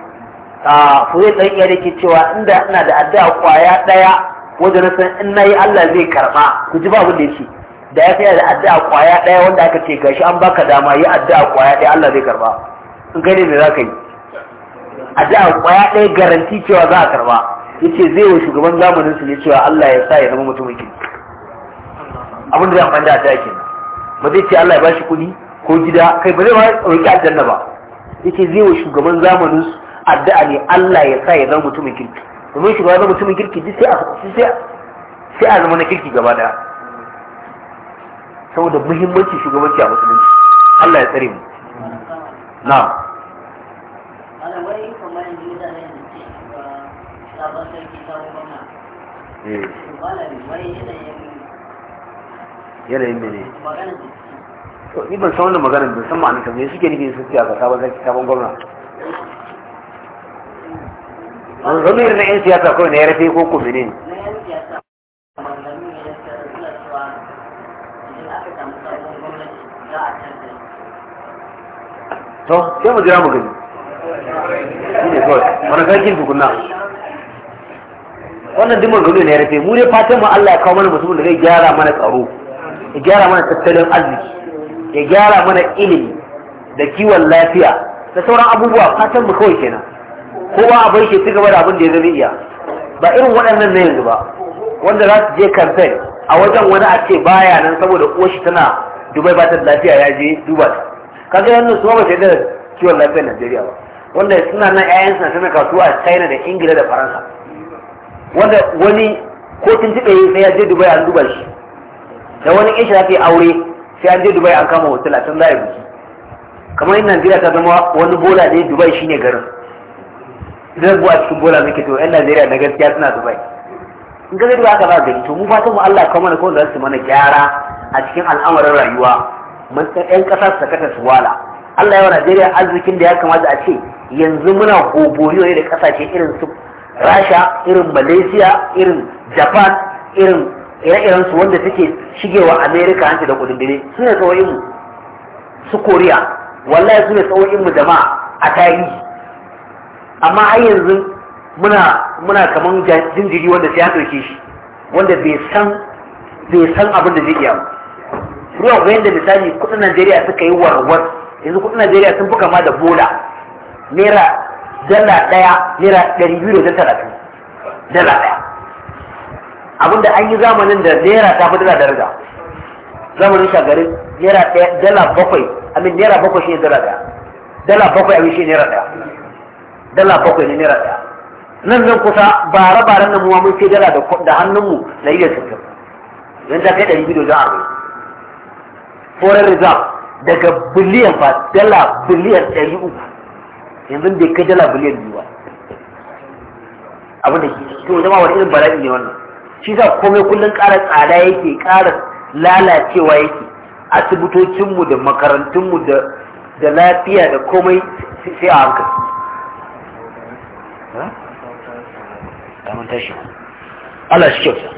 a fure ɗan iya da ke cewa inda ina da addu'a kwaya ɗaya wanda na san in yi Allah zai karɓa ku ji ba abin da yake da ya tsaya da addu'a kwaya ɗaya, wanda aka ce gashi an baka dama yi addu'a kwaya ɗaya, Allah zai karɓa in kai ne me ka yi addu'a kwaya ɗaya garanti cewa za a ya ce zai wa shugaban zamanin su ne cewa Allah ya sa ya zama mutumin kirki abin da zai amfani da addu'a kenan ba zai ce Allah ya bashi kuɗi ko gida kai ba zai ma roki aljanna ba ce zai wa shugaban zamanin su addu'a ne Allah ya sa ya zama mutumin kirki domin ba zama mutumin kirki sai a sai a zama na kirki gaba da saboda muhimmanci shugabanci a musulunci Allah ya tsare mu na eh. yanayin mene ni ban san wannan maganar ban san ma'anar kamar suke nufin sun fiya ga sabon sarki sabon gwamna zamirin na 'yan siyasa kawai na ya rafe ko kuma ne to sai mu jira mu gani shi ne kawai wani sarkin tukuna wannan dimar gano ne ya rafe mu ne fatan mu Allah ya kawo mana mutumin da zai gyara mana tsaro ya gyara mana tattalin arziki ya gyara mana ilimi da kiwon lafiya da sauran abubuwa fatan mu kawai kenan ko ba a bar shi cigaba da abin da ya zama iya ba irin waɗannan na yanzu ba wanda za su je kamfen a wajen wani a ce baya nan saboda koshi tana dubai ba ta lafiya ya je duba ta kaga yanzu su ba ta da kiwon lafiyar najeriya ba wanda suna nan 'ya'yansu na tana kasuwa a china da ingila da faransa wanda wani kotun tun tiɓe sai ya je dubai an duba shi da wani in shafi aure sai an je dubai an kama hotel a can za a yi biki kamar yin najeriya ta zama wani bola ne dubai shine garin zai zuwa cikin bola muke to yan najeriya na gaskiya suna bai in ka zai duba haka za to mu fatan mu allah kawo mana kawai da su mana gyara a cikin al'amarin rayuwa mun san yan kasa su sakata su wala allah ya wa najeriya arzikin da ya kamata a ce yanzu muna ne da kasashe irin su rasha irin malaysia irin japan irin ire-iren su wanda suke shigewa amerika hanci da kudin dire su ne tsawoyin su koriya wallahi su ne tsawoyin mu jama'a a tarihi amma har yanzu muna muna kaman jinjiri wanda sai ya ɗauke shi wanda bai san bai san abin da zai iya ba ruwa ga yadda misali kudin najeriya suka yi warwar yanzu kudin najeriya sun fi kama da bola naira dala ɗaya naira ɗari biyu da talatin dala ɗaya abinda an yi zamanin da naira ta fi dala daraja zamanin shagarin naira ɗaya dala bakwai amin naira bakwai shi ne dala ɗaya dala bakwai abin shi naira ɗaya dala bakwai ne naira ɗaya nan nan kusa bare-baren nan muwa mun ce dala da hannunmu na iya sittin ka kai ɗari biyu da arba'in foreign reserve daga biliyan ba dala biliyan ɗari uku yanzu bai kai dala biliyan biyu ba abin da ke to jama'a wani irin bala'i ne wannan shi sa komai kullum ƙara tsada yake ƙara lalacewa yake asibitocinmu da makarantunmu da lafiya da komai sai a hankali kamar tashi Allah shi kyauta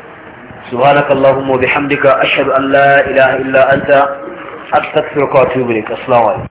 subhanaka allahumma bihamdika ashhadu an la ilaha illa anta astaghfiruka wa atubu ilaik assalamu alaikum